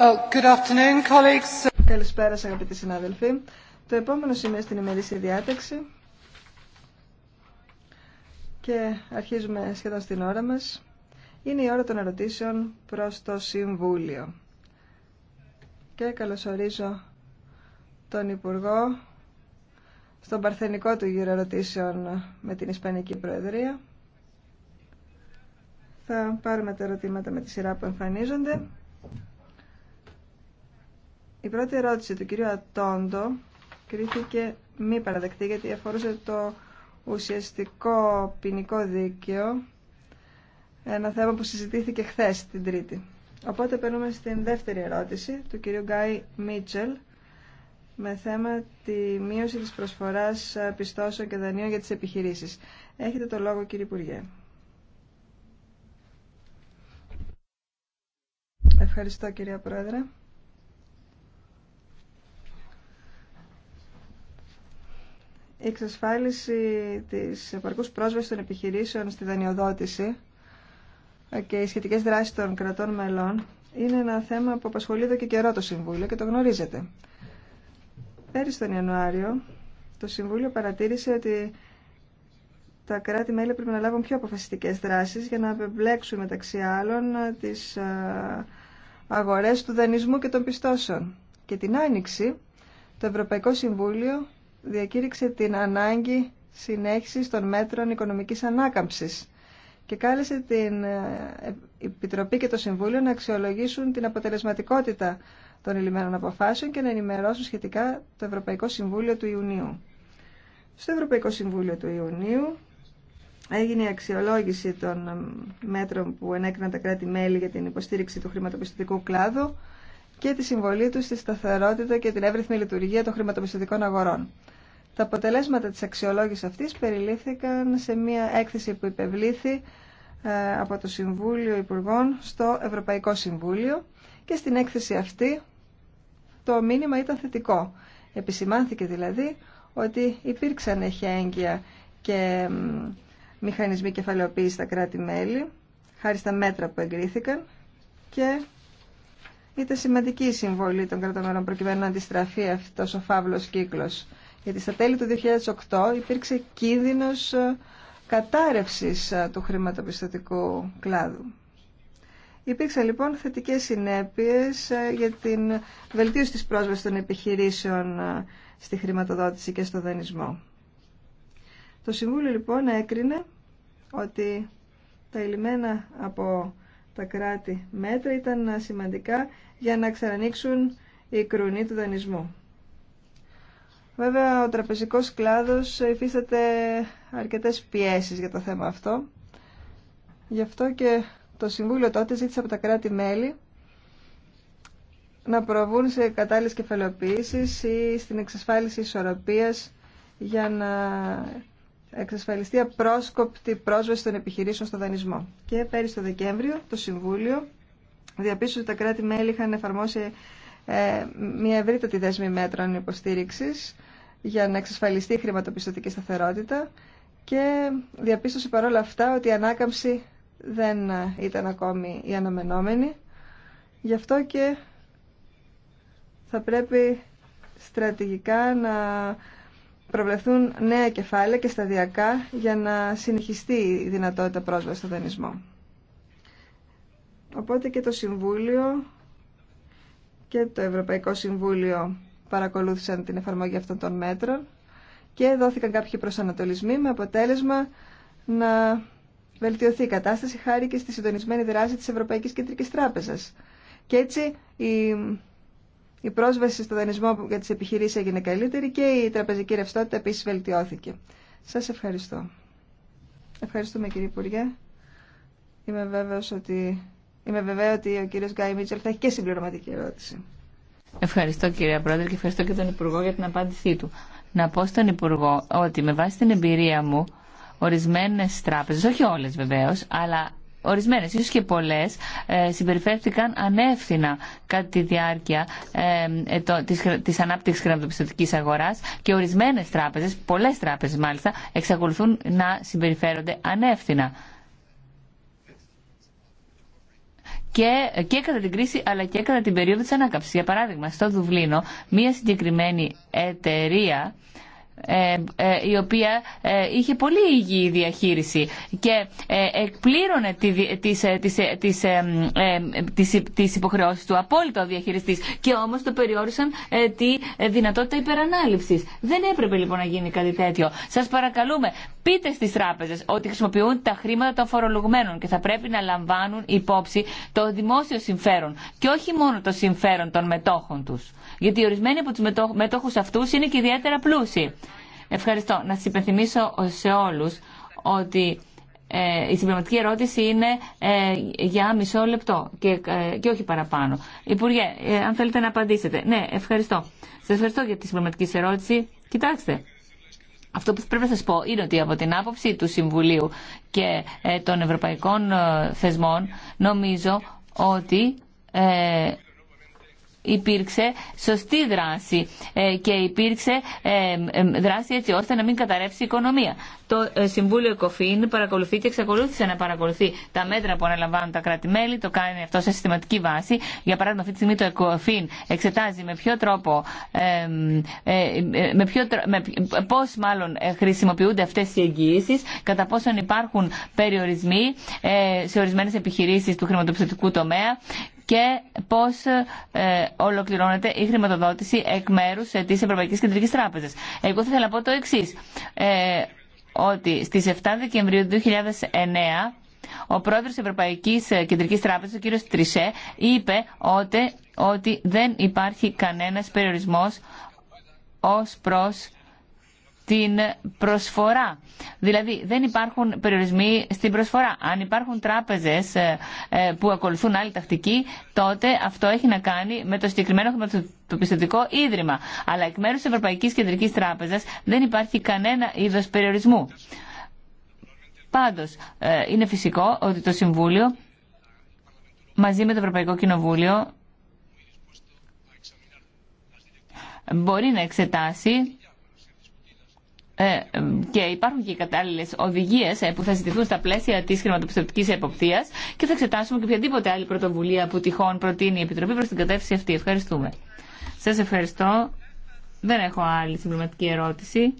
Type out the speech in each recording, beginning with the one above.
Oh, Καλησπέρα σας αγαπητοί συνάδελφοι. Το επόμενο σημείο στην ημερήσια διάταξη και αρχίζουμε σχεδόν στην ώρα μας. Είναι η ώρα των ερωτήσεων προς το Συμβούλιο. Και καλωσορίζω τον Υπουργό στον παρθενικό του γύρο ερωτήσεων με την Ισπανική Προεδρία. Θα πάρουμε τα ερωτήματα με τη σειρά που εμφανίζονται. Η πρώτη ερώτηση του κυρίου Ατόντο κρίθηκε μη παραδεκτή γιατί αφορούσε το ουσιαστικό ποινικό δίκαιο ένα θέμα που συζητήθηκε χθε την Τρίτη. Οπότε περνούμε στην δεύτερη ερώτηση του κυρίου Γκάι Μίτσελ με θέμα τη μείωση της προσφοράς πιστώσεων και δανείων για τις επιχειρήσεις. Έχετε το λόγο κύριε Υπουργέ. Ευχαριστώ κυρία Πρόεδρε. η εξασφάλιση της επαρκούς πρόσβασης των επιχειρήσεων στη δανειοδότηση και οι σχετικές δράσεις των κρατών μελών είναι ένα θέμα που απασχολεί εδώ και καιρό το Συμβούλιο και το γνωρίζετε. Πέρυσι τον Ιανουάριο το Συμβούλιο παρατήρησε ότι τα κράτη-μέλη πρέπει να λάβουν πιο αποφασιστικές δράσεις για να απεμπλέξουν μεταξύ άλλων τις ε, αγορές του δανεισμού και των πιστώσεων. Και την Άνοιξη το Ευρωπαϊκό Συμβούλιο διακήρυξε την ανάγκη συνέχισης των μέτρων οικονομικής ανάκαμψης και κάλεσε την ε, Επιτροπή και το Συμβούλιο να αξιολογήσουν την αποτελεσματικότητα των ελλημένων αποφάσεων και να ενημερώσουν σχετικά το Ευρωπαϊκό Συμβούλιο του Ιουνίου. Στο Ευρωπαϊκό Συμβούλιο του Ιουνίου έγινε η αξιολόγηση των ε, μέτρων που ενέκριναν τα κράτη-μέλη για την υποστήριξη του χρηματοπιστωτικού κλάδου και τη συμβολή του στη σταθερότητα και την εύρυθμη λειτουργία των χρηματοπιστωτικών αγορών. Τα αποτελέσματα της αξιολόγησης αυτής περιλήφθηκαν σε μια έκθεση που υπευλήθη ε, από το Συμβούλιο Υπουργών στο Ευρωπαϊκό Συμβούλιο και στην έκθεση αυτή το μήνυμα ήταν θετικό. Επισημάνθηκε δηλαδή ότι υπήρξαν εχέγγυα και μηχανισμοί κεφαλαιοποίησης στα κράτη-μέλη χάρη στα μέτρα που εγκρίθηκαν και ήταν σημαντική η συμβολή των κρατομένων προκειμένου να αντιστραφεί αυτός ο φαύλος κύκλος. Γιατί στα τέλη του 2008 υπήρξε κίνδυνος ε, κατάρρευσης ε, του χρηματοπιστωτικού κλάδου. Υπήρξαν λοιπόν θετικές συνέπειες ε, για την βελτίωση της πρόσβασης των επιχειρήσεων στη χρηματοδότηση και στο δανεισμό. Το Συμβούλιο λοιπόν έκρινε ότι τα ελιμένα από τα κράτη μέτρα ήταν σημαντικά για να ξανανοίξουν η κρουνοί του δανεισμού. Βέβαια, ο τραπεζικός κλάδος υφίσταται αρκετές πιέσεις για το θέμα αυτό. Γι' αυτό και το Συμβούλιο τότε ζήτησε από τα κράτη-μέλη να προβούν σε κατάλληλες κεφαλαιοποίησεις ή στην εξασφάλιση ισορροπίας για να εξασφαλιστεί απρόσκοπτη πρόσβαση των επιχειρήσεων στο δανεισμό. Και πέρυσι το Δεκέμβριο το Συμβούλιο διαπίστωσε ότι τα κράτη-μέλη είχαν εφαρμόσει ε, μια ευρύτατη δέσμη μέτρων υποστήριξης για να εξασφαλιστεί η χρηματοπιστωτική σταθερότητα και διαπίστωσε παρόλα αυτά ότι η ανάκαμψη δεν ήταν ακόμη η αναμενόμενη. Γι' αυτό και θα πρέπει στρατηγικά να προβλεφθούν νέα κεφάλαια και σταδιακά για να συνεχιστεί η δυνατότητα πρόσβαση στο δανεισμό. Οπότε και το Συμβούλιο και το Ευρωπαϊκό Συμβούλιο παρακολούθησαν την εφαρμογή αυτών των μέτρων και δόθηκαν κάποιοι προσανατολισμοί με αποτέλεσμα να βελτιωθεί η κατάσταση χάρη και στη συντονισμένη δράση της Ευρωπαϊκής Κεντρικής Τράπεζας. Και έτσι η, η πρόσβαση στο δανεισμό για τις επιχειρήσεις έγινε καλύτερη και η τραπεζική ρευστότητα επίσης βελτιώθηκε. Σας ευχαριστώ. Ευχαριστούμε κύριε Υπουργέ. Είμαι βέβαιος ότι... Είμαι βεβαίω ότι ο κύριος Γκάι Μίτσελ θα έχει και συμπληρωματική ερώτηση. Ευχαριστώ κύριε Πρόεδρε και ευχαριστώ και τον Υπουργό για την απάντησή του. Να πω στον Υπουργό ότι με βάση την εμπειρία μου ορισμένες τράπεζες, όχι όλες βεβαίω, αλλά ορισμένες, ίσως και πολλές, ε, συμπεριφέρθηκαν ανεύθυνα κατά τη διάρκεια ε, ε της, της ανάπτυξης αγορά αγοράς και ορισμένες τράπεζε, πολλές τράπεζε, μάλιστα, εξακολουθούν να συμπεριφέρονται ανεύθυνα. και, και κατά την κρίση αλλά και κατά την περίοδο της ανάκαψης. Για παράδειγμα, στο Δουβλίνο, μία συγκεκριμένη εταιρεία ε, ε, η οποία ε, είχε πολύ υγιή διαχείριση και εκπλήρωνε τις, τις, τις, τις, τις υποχρεώσεις του απόλυτα ο διαχειριστής και όμως το περιόρισαν τη δυνατότητα υπερανάληψης. Δεν έπρεπε λοιπόν να γίνει κάτι τέτοιο. Σας παρακαλούμε πείτε στις τράπεζες ότι χρησιμοποιούν τα χρήματα των φορολογμένων και θα πρέπει να λαμβάνουν υπόψη το δημόσιο συμφέρον και όχι μόνο το συμφέρον των μετόχων τους. Γιατί ορισμένοι από τους μετόχους αυτούς είναι και ιδιαίτερα πλούσιοι. Ευχαριστώ. Να σα υπενθυμίσω σε όλου ότι ε, η συμπληρωματική ερώτηση είναι ε, για μισό λεπτό και, ε, και όχι παραπάνω. Υπουργέ, αν θέλετε να απαντήσετε. Ναι, ευχαριστώ. Σα ευχαριστώ για τη συμπληρωματική ερώτηση. Κοιτάξτε, αυτό που πρέπει να σας πω είναι ότι από την άποψη του Συμβουλίου και των Ευρωπαϊκών Θεσμών νομίζω ότι υπήρξε σωστή δράση ε, και υπήρξε ε, δράση έτσι ώστε να μην καταρρεύσει η οικονομία. Το ε, Συμβούλιο Εκοφήν παρακολουθεί και εξακολούθησε να παρακολουθεί τα μέτρα που αναλαμβάνουν τα κράτη-μέλη, το κάνει αυτό σε συστηματική βάση. Για παράδειγμα, αυτή τη στιγμή το Εκοφήν εξετάζει με ποιο τρόπο, με ποιο, με, πώς μάλλον χρησιμοποιούνται αυτές οι εγγυήσεις, κατά πόσον υπάρχουν περιορισμοί σε ορισμένες επιχειρήσεις του χρηματοπιστωτικού τομέα και πώς ε, ολοκληρώνεται η χρηματοδότηση εκ μέρους ε, τη Ευρωπαϊκή Κεντρική Τράπεζα. Εγώ θα ήθελα να πω το εξής, ε, ότι στις 7 Δεκεμβρίου 2009 ο πρόεδρος της Ευρωπαϊκής Κεντρικής Τράπεζας, ο κύριος Τρισέ, είπε ότι, ότι δεν υπάρχει κανένας περιορισμός ως προς την προσφορά. Δηλαδή δεν υπάρχουν περιορισμοί στην προσφορά. Αν υπάρχουν τράπεζες ε, ε, που ακολουθούν άλλη τακτική, τότε αυτό έχει να κάνει με το συγκεκριμένο χρηματοπιστωτικό ίδρυμα. Αλλά εκ μέρους της Ευρωπαϊκής Κεντρικής Τράπεζας δεν υπάρχει κανένα είδος περιορισμού. Πάντως, ε, είναι φυσικό ότι το Συμβούλιο μαζί με το Ευρωπαϊκό Κοινοβούλιο μπορεί να εξετάσει ε, και υπάρχουν και οι κατάλληλε οδηγίε ε, που θα ζητηθούν στα πλαίσια τη χρηματοπιστωτική εποπτεία και θα εξετάσουμε και οποιαδήποτε άλλη πρωτοβουλία που τυχόν προτείνει η Επιτροπή προ την κατεύθυνση αυτή. Ευχαριστούμε. Σα ευχαριστώ. Δεν έχω άλλη συμπληρωματική ερώτηση.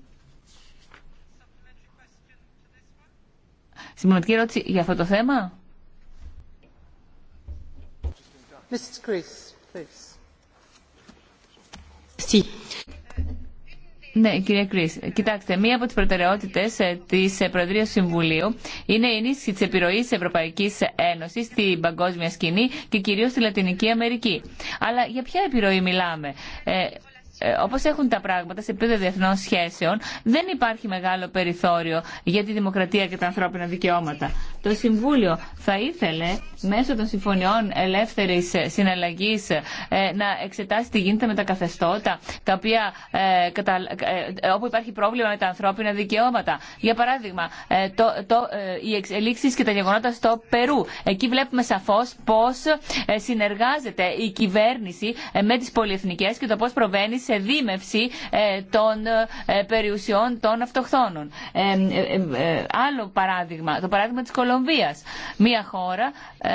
Συμπληρωματική ερώτηση για αυτό το θέμα. Ναι, κυρία Κρίς, κοιτάξτε, μία από τις προτεραιότητες ε, της ε, Προεδρίας Συμβουλίου είναι η ενίσχυση της επιρροής της Ευρωπαϊκής Ένωσης στην παγκόσμια σκηνή και κυρίως στη Λατινική Αμερική. Αλλά για ποια επιρροή μιλάμε. Ε, ε Όπω έχουν τα πράγματα σε επίπεδο διεθνών σχέσεων, δεν υπάρχει μεγάλο περιθώριο για τη δημοκρατία και τα ανθρώπινα δικαιώματα. Το Συμβούλιο θα ήθελε μέσω των συμφωνιών ελεύθερη συναλλαγή ε, να εξετάσει τι γίνεται με τα καθεστώτα τα οποία, ε, ε, όπου υπάρχει πρόβλημα με τα ανθρώπινα δικαιώματα. Για παράδειγμα, το, το, οι εξελίξει και τα γεγονότα στο Περού. Εκεί βλέπουμε σαφώ πώ συνεργάζεται η κυβέρνηση με τι πολυεθνικέ και το πώ προβαίνει σε δίμευση των περιουσιών των αυτοχθόνων. Άλλο παράδειγμα, το παράδειγμα τη Κολομβίας. Μια χώρα ε,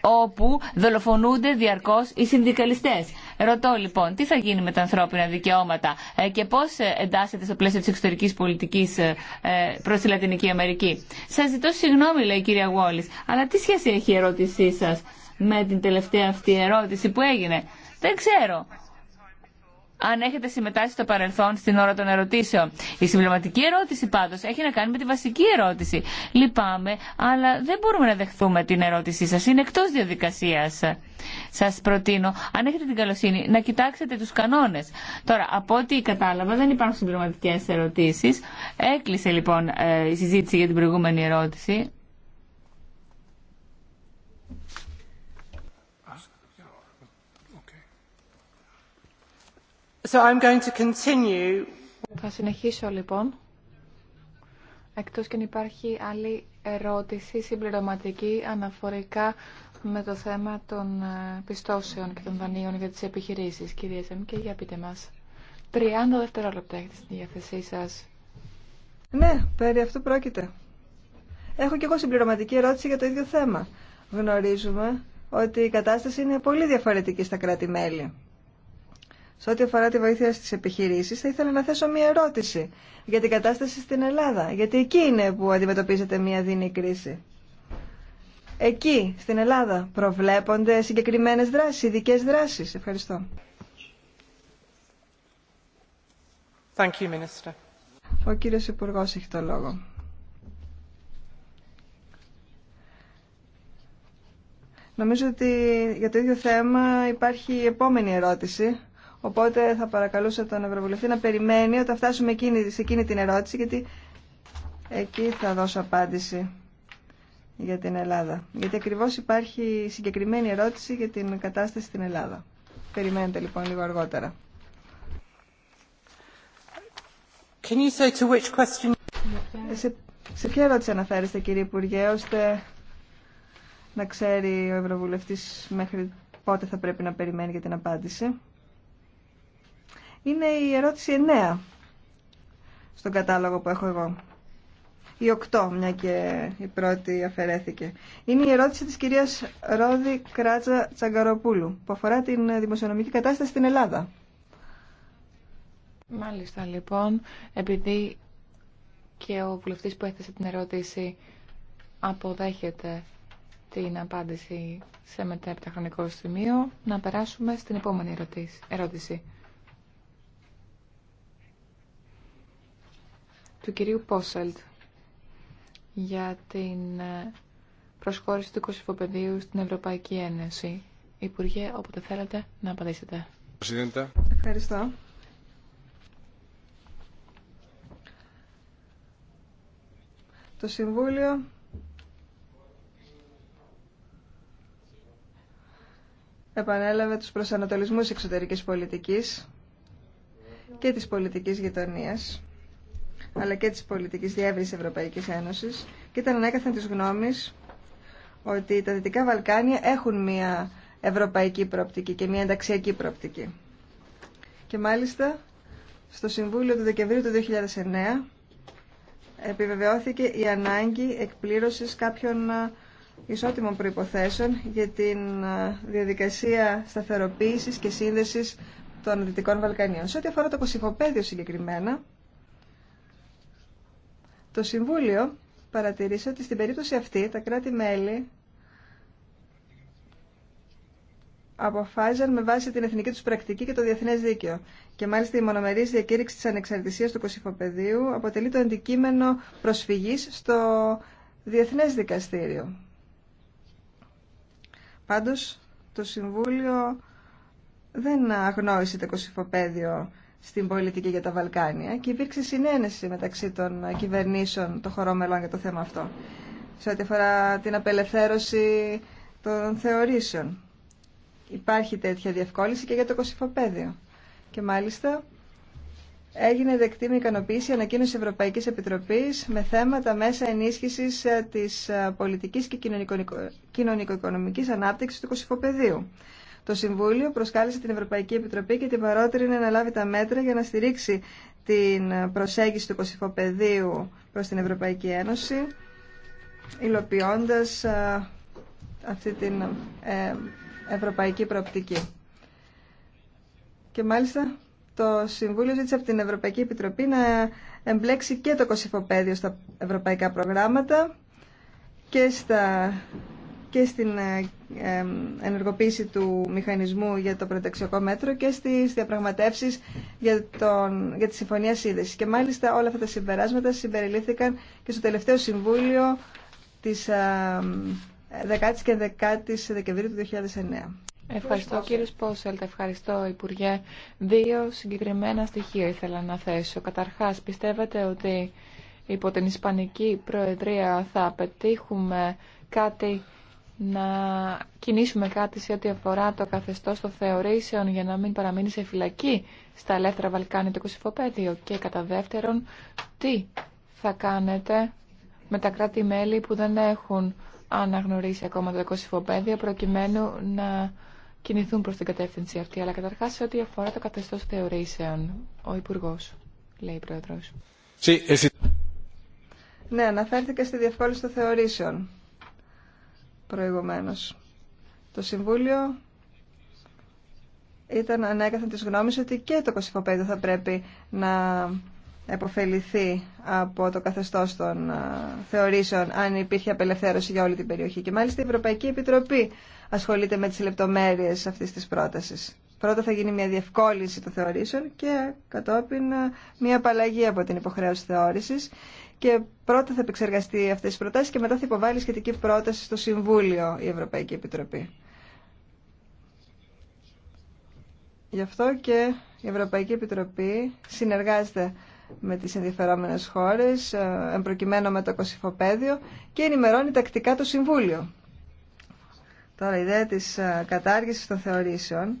όπου δολοφονούνται διαρκώς οι συνδικαλιστές. Ρωτώ λοιπόν, τι θα γίνει με τα ανθρώπινα δικαιώματα ε, και πώς ε, εντάσσεται στο πλαίσιο τη εξωτερική πολιτική προς τη Λατινική Αμερική. Σας ζητώ συγγνώμη, λέει η κυρία Γουόλης, αλλά τι σχέση έχει η ερώτησή σας με την τελευταία αυτή ερώτηση που έγινε. Δεν ξέρω αν έχετε συμμετάσχει στο παρελθόν στην ώρα των ερωτήσεων. Η συμπληρωματική ερώτηση πάντω έχει να κάνει με τη βασική ερώτηση. Λυπάμαι, αλλά δεν μπορούμε να δεχθούμε την ερώτησή σα. Είναι εκτό διαδικασία. Σα προτείνω, αν έχετε την καλοσύνη, να κοιτάξετε του κανόνε. Τώρα, από ό,τι κατάλαβα, δεν υπάρχουν συμπληρωματικέ ερωτήσει. Έκλεισε λοιπόν ε, η συζήτηση για την προηγούμενη ερώτηση. Θα συνεχίσω λοιπόν. Εκτός και αν υπάρχει άλλη ερώτηση συμπληρωματική αναφορικά με το θέμα των ε, πιστώσεων και των δανείων για τις επιχειρήσεις. Κυρία και και για πείτε μας. 30 δευτερόλεπτα έχετε στη διάθεσή σας. Ναι, περί αυτού πρόκειται. Έχω και εγώ συμπληρωματική ερώτηση για το ίδιο θέμα. Γνωρίζουμε ότι η κατάσταση είναι πολύ διαφορετική στα κράτη-μέλη. Σε ό,τι αφορά τη βοήθεια στις επιχειρήσεις, θα ήθελα να θέσω μία ερώτηση για την κατάσταση στην Ελλάδα. Γιατί εκεί είναι που αντιμετωπίζεται μία δίνη κρίση. Εκεί, στην Ελλάδα, προβλέπονται συγκεκριμένες δράσεις, ειδικέ δράσεις. Ευχαριστώ. Thank you, Ο κύριος Υπουργός έχει το λόγο. Νομίζω ότι για το ίδιο θέμα υπάρχει η επόμενη ερώτηση Οπότε θα παρακαλούσα τον Ευρωβουλευτή να περιμένει όταν φτάσουμε εκείνη, σε εκείνη την ερώτηση, γιατί εκεί θα δώσω απάντηση για την Ελλάδα. Γιατί ακριβώς υπάρχει συγκεκριμένη ερώτηση για την κατάσταση στην Ελλάδα. Περιμένετε λοιπόν λίγο αργότερα. Can you say to which question... σε, σε ποια ερώτηση αναφέρεστε κύριε Υπουργέ, ώστε να ξέρει ο Ευρωβουλευτής μέχρι πότε θα πρέπει να περιμένει για την απάντηση είναι η ερώτηση 9 στον κατάλογο που έχω εγώ. Η 8, μια και η πρώτη αφαιρέθηκε. Είναι η ερώτηση της κυρίας Ρόδη Κράτσα Τσαγκαροπούλου που αφορά την δημοσιονομική κατάσταση στην Ελλάδα. Μάλιστα λοιπόν, επειδή και ο βουλευτής που έθεσε την ερώτηση αποδέχεται την απάντηση σε μετέπειτα χρονικό σημείο, να περάσουμε στην επόμενη ερώτηση. του κυρίου Πόσελτ για την ε, προσχώρηση του Κωσυφοπεδίου στην Ευρωπαϊκή Ένωση. Υπουργέ, όποτε θέλετε να απαντήσετε. Ευχαριστώ. Το Συμβούλιο επανέλαβε τους προσανατολισμούς εξωτερικής πολιτικής και της πολιτικής γειτονίας αλλά και της πολιτικής διεύρυνσης Ευρωπαϊκής Ένωσης και ήταν ανέκαθεν της γνώμης ότι τα Δυτικά Βαλκάνια έχουν μια ευρωπαϊκή προοπτική και μια ενταξιακή προοπτική. Και μάλιστα στο Συμβούλιο του Δεκεμβρίου του 2009 επιβεβαιώθηκε η ανάγκη εκπλήρωσης κάποιων ισότιμων προϋποθέσεων για την διαδικασία σταθεροποίησης και σύνδεσης των Δυτικών Βαλκανίων. Σε ό,τι αφορά το Κωσυφοπαίδιο συγκεκριμένα, το Συμβούλιο παρατηρήσε ότι στην περίπτωση αυτή τα κράτη-μέλη αποφάζαν με βάση την εθνική τους πρακτική και το διεθνές δίκαιο. Και μάλιστα η μονομερής διακήρυξη της ανεξαρτησίας του Κωσυφοπεδίου αποτελεί το αντικείμενο προσφυγής στο Διεθνές Δικαστήριο. Πάντως το Συμβούλιο δεν αγνόησε το Κωσυφοπέδιο στην πολιτική για τα Βαλκάνια και υπήρξε συνένεση μεταξύ των κυβερνήσεων των χωρών μελών για το θέμα αυτό σε ό,τι αφορά την απελευθέρωση των θεωρήσεων. Υπάρχει τέτοια διευκόλυνση και για το κοσυφοπαίδιο. Και μάλιστα έγινε δεκτή με ικανοποίηση ανακοίνωση Ευρωπαϊκής Επιτροπής με θέματα μέσα ενίσχυσης ε, της ε, πολιτικής και κοινωνικο-οικονομικής ανάπτυξης του κοσυφοπαιδίου. Το Συμβούλιο προσκάλεσε την Ευρωπαϊκή Επιτροπή και την παρότερη να λάβει τα μέτρα για να στηρίξει την προσέγγιση του κοσυφοπεδίου προς την Ευρωπαϊκή Ένωση, υλοποιώντας ε, αυτή την ε, ευρωπαϊκή προοπτική. Και μάλιστα το Συμβούλιο ζήτησε από την Ευρωπαϊκή Επιτροπή να εμπλέξει και το κωσυφοπέδιο στα ευρωπαϊκά προγράμματα και στα και στην ε, ενεργοποίηση του μηχανισμού για το πρωταξιακό μέτρο και στις διαπραγματεύσεις για, τον, για τη Συμφωνία Σύνδεσης. Και μάλιστα όλα αυτά τα συμπεράσματα συμπεριλήφθηκαν και στο τελευταίο Συμβούλιο της 10 ε, και 10 η Δεκεμβρίου του 2009. Ευχαριστώ κύριε Σπόσελτ, ευχαριστώ Υπουργέ. Δύο συγκεκριμένα στοιχεία ήθελα να θέσω. Καταρχάς, πιστεύετε ότι υπό την Ισπανική Προεδρία θα πετύχουμε κάτι να κινήσουμε κάτι σε ό,τι αφορά το καθεστώ των θεωρήσεων για να μην παραμείνει σε φυλακή στα ελεύθερα Βαλκάνια το Κωσυφοπαίδιο και κατά δεύτερον τι θα κάνετε με τα κράτη-μέλη που δεν έχουν αναγνωρίσει ακόμα το κοσυφοπέδιο προκειμένου να κινηθούν προς την κατεύθυνση αυτή αλλά καταρχάς σε ό,τι αφορά το καθεστώς θεωρήσεων ο υπουργό, λέει η Πρόεδρος. Ναι, αναφέρθηκε στη διευκόλυνση των θεωρήσεων προηγουμένως. Το Συμβούλιο ήταν ανέκαθεν της γνώμης ότι και το 25 θα πρέπει να επωφεληθεί από το καθεστώς των θεωρήσεων αν υπήρχε απελευθέρωση για όλη την περιοχή. Και μάλιστα η Ευρωπαϊκή Επιτροπή ασχολείται με τις λεπτομέρειες αυτής της πρότασης. Πρώτα θα γίνει μια διευκόλυνση των θεωρήσεων και κατόπιν μια απαλλαγή από την υποχρέωση θεώρησης και πρώτα θα επεξεργαστεί αυτές τις προτάσεις και μετά θα υποβάλει σχετική πρόταση στο Συμβούλιο η Ευρωπαϊκή Επιτροπή. Γι' αυτό και η Ευρωπαϊκή Επιτροπή συνεργάζεται με τις ενδιαφερόμενες χώρες, ε, εμπροκειμένο με το κοσυφοπαίδιο και ενημερώνει τακτικά το Συμβούλιο. Τώρα η ιδέα της ε, κατάργησης των θεωρήσεων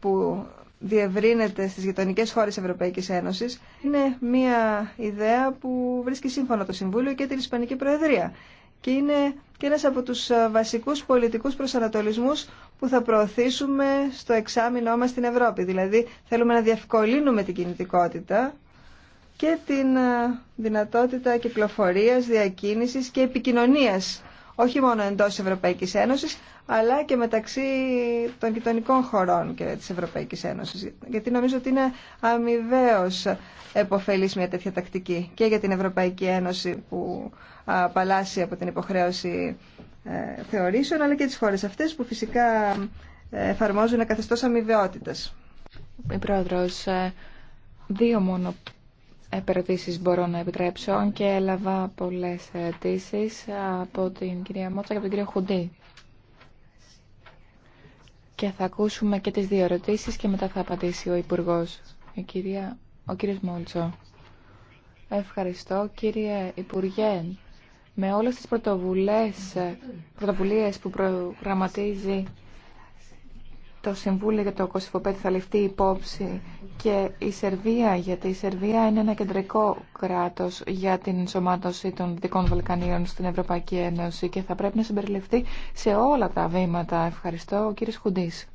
που διευρύνεται στις γειτονικέ χώρες Ευρωπαϊκής Ένωσης είναι μια ιδέα που βρίσκει σύμφωνα το Συμβούλιο και την Ισπανική Προεδρία και είναι και ένας από τους βασικούς πολιτικούς προσανατολισμούς που θα προωθήσουμε στο εξάμεινό μας στην Ευρώπη. Δηλαδή θέλουμε να διευκολύνουμε την κινητικότητα και την ε, δυνατότητα κυκλοφορίας, διακίνησης και επικοινωνίας όχι μόνο εντός Ευρωπαϊκής Ένωσης, αλλά και μεταξύ των γειτονικών χωρών και της Ευρωπαϊκής Ένωσης. Γιατί νομίζω ότι είναι αμοιβαίως επωφελής μια τέτοια τακτική και για την Ευρωπαϊκή Ένωση που απαλλάσσει από την υποχρέωση ε, θεωρήσεων, αλλά και τις χώρες αυτές που φυσικά ε, εφαρμόζουν καθεστώς αμοιβαιότητας. Η ε, επερωτήσει μπορώ να επιτρέψω και έλαβα πολλές αιτήσει από την κυρία Μότσα και από τον κύριο Χουντή. Και θα ακούσουμε και τις δύο ερωτήσει και μετά θα απαντήσει ο Υπουργός, η κυρία, ο κύριος Μόλτσο. Ευχαριστώ κύριε Υπουργέ. Με όλες τις πρωτοβουλίες που προγραμματίζει το Συμβούλιο για το Κωσυφοπέδιο θα ληφθεί υπόψη και η Σερβία, γιατί η Σερβία είναι ένα κεντρικό κράτος για την ενσωμάτωση των Δυτικών Βαλκανίων στην Ευρωπαϊκή Ένωση και θα πρέπει να συμπεριληφθεί σε όλα τα βήματα. Ευχαριστώ, κύριε Χουντής.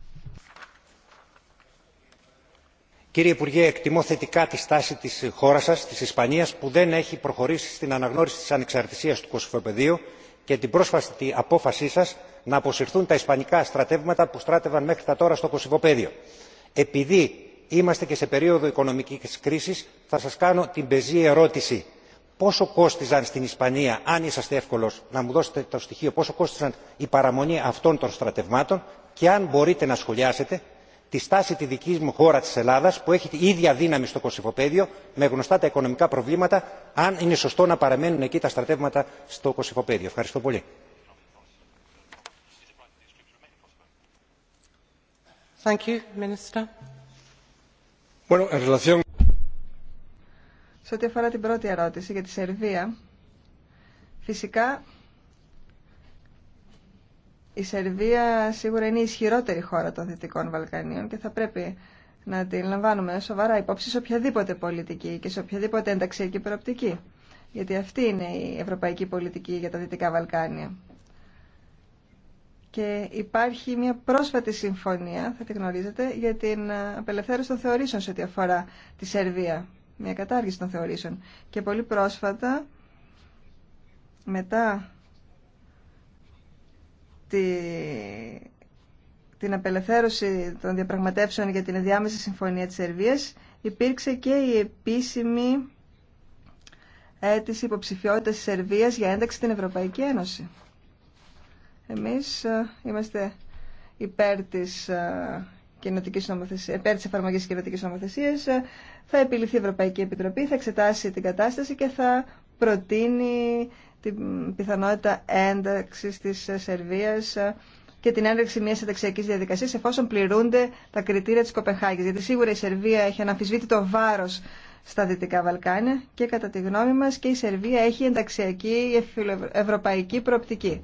Κύριε Υπουργέ, εκτιμώ θετικά τη στάση της χώρας σας, της Ισπανίας, που δεν έχει προχωρήσει στην αναγνώριση της ανεξαρτησίας του Κωσυφοπεδίου και την πρόσφατη απόφασή σα να αποσυρθούν τα ισπανικά στρατεύματα που στράτευαν μέχρι τώρα στο κωσυφοπαίδιο. επειδή είμαστε και σε περίοδο οικονομικής κρίσης θα σας κάνω την πεζή ερώτηση πόσο κόστιζαν στην ισπανία αν είσαστε εύκολο να μου δώσετε το στοιχείο πόσο κόστιζαν η παραμονή αυτών των στρατευμάτων και αν μπορείτε να σχολιάσετε τη στάση τη δική μου χώρα της ελλάδας που έχει την ίδια δύναμη στο κωσυφοπαίδιο με γνωστά τα οικονομικά προβλήματα αν είναι σωστό να παραμένουν εκεί τα στρατεύματα στο κωσυφοπαίδιο. ευχαριστώ πολύ. σε ό,τι αφορά την πρώτη ερώτηση για τη σερβία φυσικά η Σερβία σίγουρα είναι η ισχυρότερη χώρα των Δυτικών Βαλκανίων και θα πρέπει να την λαμβάνουμε σοβαρά υπόψη σε οποιαδήποτε πολιτική και σε οποιαδήποτε ενταξιακή προοπτική. Γιατί αυτή είναι η ευρωπαϊκή πολιτική για τα Δυτικά Βαλκάνια. Και υπάρχει μια πρόσφατη συμφωνία, θα τη γνωρίζετε, για την απελευθέρωση των θεωρήσεων σε ό,τι αφορά τη Σερβία. Μια κατάργηση των θεωρήσεων. Και πολύ πρόσφατα, μετά τη, την απελευθέρωση των διαπραγματεύσεων για την ενδιάμεση συμφωνία της Σερβίας υπήρξε και η επίσημη αίτηση υποψηφιότητας της Σερβίας για ένταξη στην Ευρωπαϊκή Ένωση. Εμείς ε, είμαστε υπέρ της ε, νομοθεσίας, υπέρ της εφαρμογής της νομοθεσία, ε, θα επιληθεί η Ευρωπαϊκή Επιτροπή, θα εξετάσει την κατάσταση και θα προτείνει την πιθανότητα ένταξη τη Σερβία και την ένταξη μια ενταξιακή διαδικασία εφόσον πληρούνται τα κριτήρια τη Κοπεχάγη. Γιατί σίγουρα η Σερβία έχει αναμφισβήτητο βάρο στα Δυτικά Βαλκάνια και κατά τη γνώμη μα και η Σερβία έχει ενταξιακή ευρωπαϊκή προοπτική.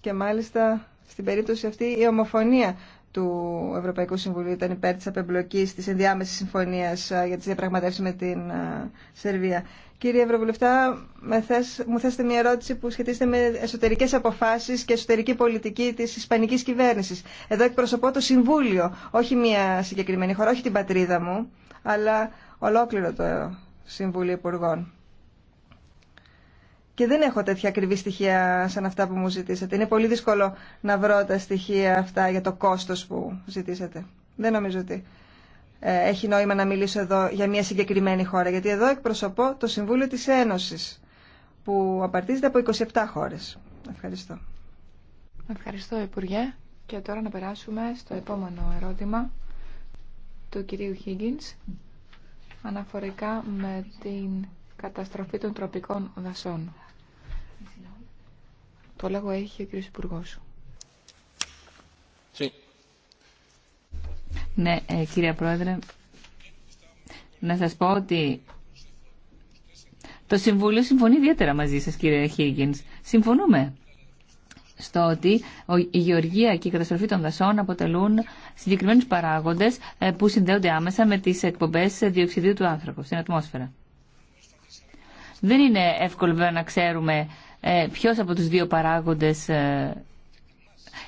Και μάλιστα στην περίπτωση αυτή η ομοφωνία του Ευρωπαϊκού Συμβουλίου ήταν υπέρ τη απεμπλοκή τη ενδιάμεση συμφωνία ε, για τι διαπραγματεύσει με την ε, Σερβία. Κύριε Ευρωβουλευτά, μου θέσετε μια ερώτηση που σχετίζεται με εσωτερικέ αποφάσει και εσωτερική πολιτική τη Ισπανική κυβέρνηση. Εδώ εκπροσωπώ το Συμβούλιο, όχι μια συγκεκριμένη χώρα, όχι την πατρίδα μου, αλλά ολόκληρο το Συμβούλιο Υπουργών. Και δεν έχω τέτοια ακριβή στοιχεία σαν αυτά που μου ζητήσατε. Είναι πολύ δύσκολο να βρω τα στοιχεία αυτά για το κόστο που ζητήσατε. Δεν νομίζω ότι ε, έχει νόημα να μιλήσω εδώ για μια συγκεκριμένη χώρα, γιατί εδώ εκπροσωπώ το Συμβούλιο της Ένωσης, που απαρτίζεται από 27 χώρες. Ευχαριστώ. Ευχαριστώ, Υπουργέ. Και τώρα να περάσουμε στο επόμενο ερώτημα του κυρίου Higgins αναφορικά με την καταστροφή των τροπικών δασών. Το λόγο έχει ο κύριος Υπουργός. Ναι, ε, κύριε Πρόεδρε, να σας πω ότι το Συμβούλιο συμφωνεί ιδιαίτερα μαζί σας, κύριε Χίγγινς. Συμφωνούμε στο ότι η γεωργία και η καταστροφή των δασών αποτελούν συγκεκριμένους παράγοντες ε, που συνδέονται άμεσα με τις εκπομπές διοξιδίου του άνθρωπου στην ατμόσφαιρα. Δεν είναι εύκολο βέβαια να ξέρουμε ε, ποιος από τους δύο παράγοντες ε,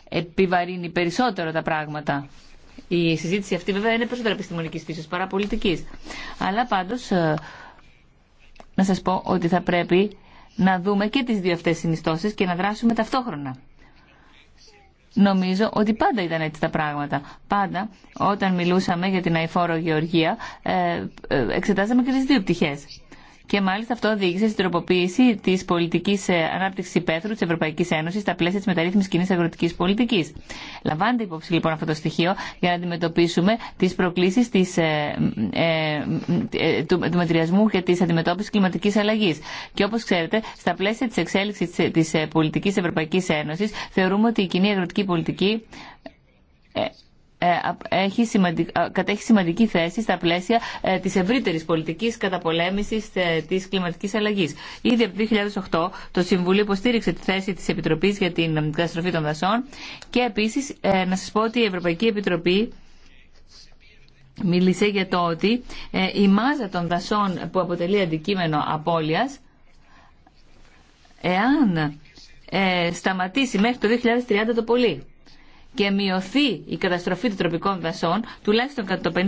επιβαρύνει περισσότερο τα πράγματα. Η συζήτηση αυτή βέβαια είναι περισσότερο επιστημονική φύση παρά πολιτική. Αλλά πάντω ε, να σα πω ότι θα πρέπει να δούμε και τι δύο αυτέ συνιστώσει και να δράσουμε ταυτόχρονα. Νομίζω ότι πάντα ήταν έτσι τα πράγματα. Πάντα όταν μιλούσαμε για την αηφόρο γεωργία ε, ε, εξετάζαμε και τι δύο πτυχέ. Και μάλιστα αυτό οδήγησε στην τροποποίηση τη πολιτική ε, ανάπτυξη υπαίθρου τη Ευρωπαϊκή Ένωση στα πλαίσια τη μεταρρύθμιση κοινή αγροτική πολιτική. Λαμβάνεται υπόψη λοιπόν αυτό το στοιχείο για να αντιμετωπίσουμε τι προκλήσει ε, ε, του μετριασμού και τη αντιμετώπιση κλιματική αλλαγή. Και όπω ξέρετε, στα πλαίσια τη εξέλιξη τη πολιτική Ευρωπαϊκή Ένωση θεωρούμε ότι η κοινή αγροτική πολιτική ε, έχει κατέχει σημαντική θέση στα πλαίσια ε, της ευρύτερης πολιτικής καταπολέμησης ε, της κλιματικής αλλαγής. Ήδη από το 2008 το Συμβουλίο υποστήριξε τη θέση της Επιτροπής για την καταστροφή των δασών και επίσης να σας πω ότι η Ευρωπαϊκή Επιτροπή μίλησε για το ότι η μάζα των δασών που αποτελεί αντικείμενο απώλειας εάν σταματήσει μέχρι το 2030 το πολύ και μειωθεί η καταστροφή των τροπικών δασών τουλάχιστον κατά το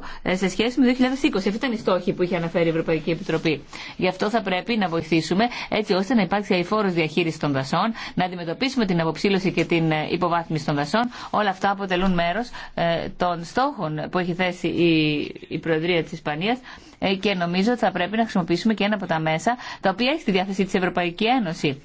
50% ε, σε σχέση με το 2020. Αυτή ήταν η στόχη που είχε αναφέρει η Ευρωπαϊκή Επιτροπή. Γι' αυτό θα πρέπει να βοηθήσουμε έτσι ώστε να υπάρξει αηφόρο διαχείριση των δασών, να αντιμετωπίσουμε την αποψήλωση και την ε, υποβάθμιση των δασών. Όλα αυτά αποτελούν μέρο ε, των στόχων που έχει θέσει η Προεδρία τη Ισπανία και νομίζω ότι θα πρέπει να χρησιμοποιήσουμε και ένα από τα μέσα τα οποία έχει στη διάθεσή τη Ευρωπαϊκή Ένωση.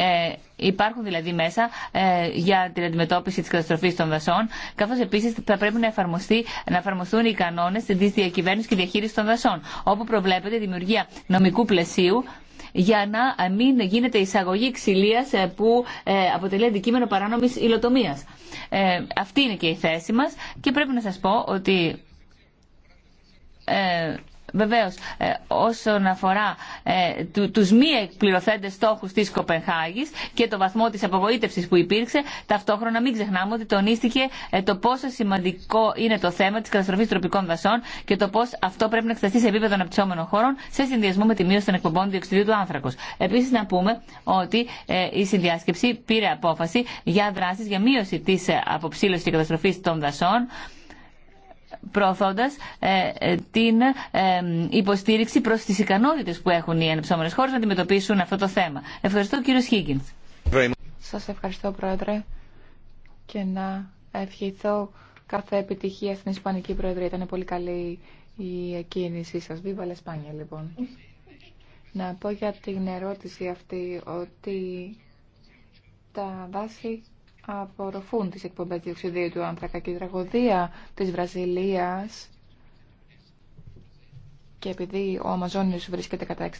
Ε, υπάρχουν δηλαδή μέσα ε, για την αντιμετώπιση της καταστροφής των δασών, καθώς επίσης θα πρέπει να, εφαρμοστεί, να εφαρμοστούν οι κανόνες της διακυβέρνησης και διαχείρισης των δασών, όπου προβλέπεται η δημιουργία νομικού πλαισίου για να μην γίνεται εισαγωγή ξυλίας ε, που ε, αποτελεί αντικείμενο παράνομης υλοτομίας. Ε, αυτή είναι και η θέση μας και πρέπει να σας πω ότι ε, Βεβαίως, ε, όσον αφορά ε, τους μη εκπληρωθέντες στόχους της Κοπενχάγης και το βαθμό της απογοήτευσης που υπήρξε, ταυτόχρονα μην ξεχνάμε ότι τονίστηκε ε, το πόσο σημαντικό είναι το θέμα της καταστροφής τροπικών δασών και το πώς αυτό πρέπει να εξεταστεί σε επίπεδο αναπτυσσόμενων χώρων σε συνδυασμό με τη μείωση των εκπομπών διοξιδίου του άνθρακος. Επίσης, να πούμε ότι η συνδιάσκεψη πήρε απόφαση για δράσεις για μείωση της αποψήλωσης και καταστροφής των δασών, προωθώντας ε, ε, την ε, υποστήριξη προς τις ικανότητες που έχουν οι ανεψόμενες χώρες να αντιμετωπίσουν αυτό το θέμα. Ευχαριστώ κύριο Χίγκιν. Σας ευχαριστώ Πρόεδρε και να ευχηθώ κάθε επιτυχία στην Ισπανική πρόεδρε. Ήταν πολύ καλή η εκκίνησή σας. Βίβα Λεσπάνια λοιπόν. Να πω για την ερώτηση αυτή ότι τα δάση απορροφούν τις εκπομπές διοξιδίου του άνθρακα και η τραγωδία της Βραζιλίας και επειδή ο Αμαζόνιος βρίσκεται κατά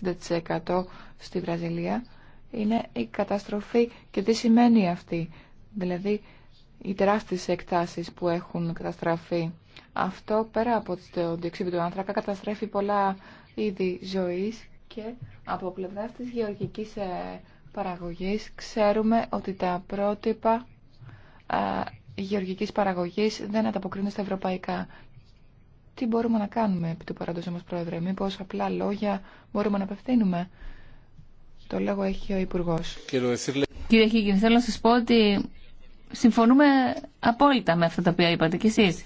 60% στη Βραζιλία είναι η καταστροφή και τι σημαίνει αυτή δηλαδή οι τεράστιες εκτάσεις που έχουν καταστραφεί αυτό πέρα από το διοξείδιο του άνθρακα καταστρέφει πολλά είδη ζωής και από πλευρά της γεωργικής ε, παραγωγής ξέρουμε ότι τα πρότυπα γεωργικής παραγωγής δεν ανταποκρίνεται στα ευρωπαϊκά. Τι μπορούμε να κάνουμε επί του παρόντος όμως, Πρόεδρε, μήπως απλά λόγια μπορούμε να απευθύνουμε. Το λόγο έχει ο Υπουργό. Κύριε Χίγκιν, θέλω να σα πω ότι συμφωνούμε απόλυτα με αυτά τα οποία είπατε κι εσείς.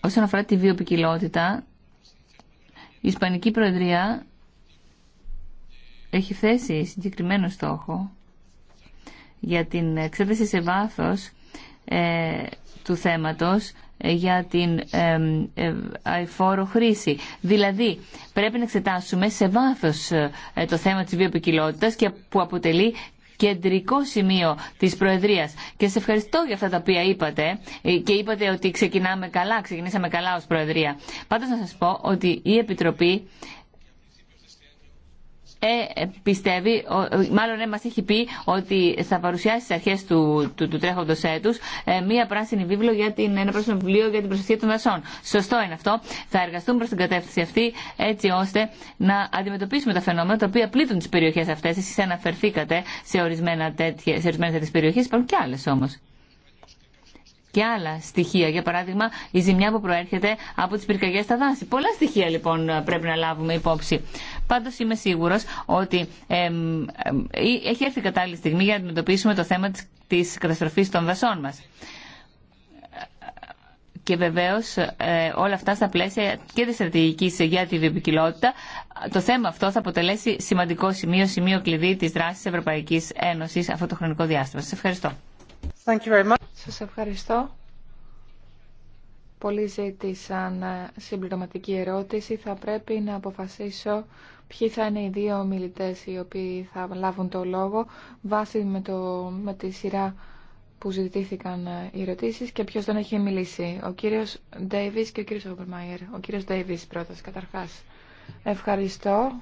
Όσον αφορά τη βιοπικιλότητα, η Ισπανική Προεδρία έχει θέσει συγκεκριμένο στόχο για την εξέταση σε βάθος ε, του θέματος ε, για την ε, αηφόρο χρήση. Δηλαδή, πρέπει να εξετάσουμε σε βάθος το θέμα της βιοποικιλότητας και που αποτελεί κεντρικό σημείο της Προεδρίας. Και σε ευχαριστώ για αυτά τα οποία είπατε και είπατε ότι ξεκινάμε καλά, ξεκινήσαμε καλά ως Προεδρία. Πάντως να σας πω ότι η Επιτροπή ε, ε, πιστεύει, μάλλον ε, μας έχει πει ότι θα παρουσιάσει στις αρχές του, του, του τρέχοντος έτους ε, μία πράσινη βίβλο για την, ένα πράσινο βιβλίο για την προστασία των δασών. Σωστό είναι αυτό. Θα εργαστούμε προς την κατεύθυνση αυτή έτσι ώστε να αντιμετωπίσουμε τα φαινόμενα τα οποία πλήττουν τις περιοχές αυτές. Εσείς αναφερθήκατε σε, ορισμένα τέτοιε σε ορισμένες τέτοιες περιοχές, υπάρχουν και άλλες όμως και άλλα στοιχεία. Για παράδειγμα, η ζημιά που προέρχεται από τι πυρκαγιέ στα δάση. Πολλά στοιχεία λοιπόν πρέπει να λάβουμε υπόψη. Πάντω είμαι σίγουρο ότι έχει έρθει η κατάλληλη στιγμή για να αντιμετωπίσουμε το θέμα τη καταστροφή των δασών μα. Και βεβαίω ε, όλα αυτά στα πλαίσια και τη στρατηγική για τη βιοποικιλότητα, Το θέμα αυτό θα αποτελέσει σημαντικό σημείο, σημείο κλειδί τη δράση Ευρωπαϊκή Ένωση αυτό το χρονικό διάστημα. Σα ευχαριστώ. Σα ευχαριστώ. Πολλοί ζήτησαν ε, συμπληρωματική ερώτηση. Θα πρέπει να αποφασίσω ποιοι θα είναι οι δύο ομιλητέ οι οποίοι θα λάβουν το λόγο βάσει με, το, με τη σειρά που ζητήθηκαν ε, οι ερωτήσει και ποιο δεν έχει μιλήσει. Ο κύριο Ντέιβι και ο κύριο Όμπερμαϊερ. Ο κύριο Ντέιβι πρώτα, καταρχά. Ευχαριστώ.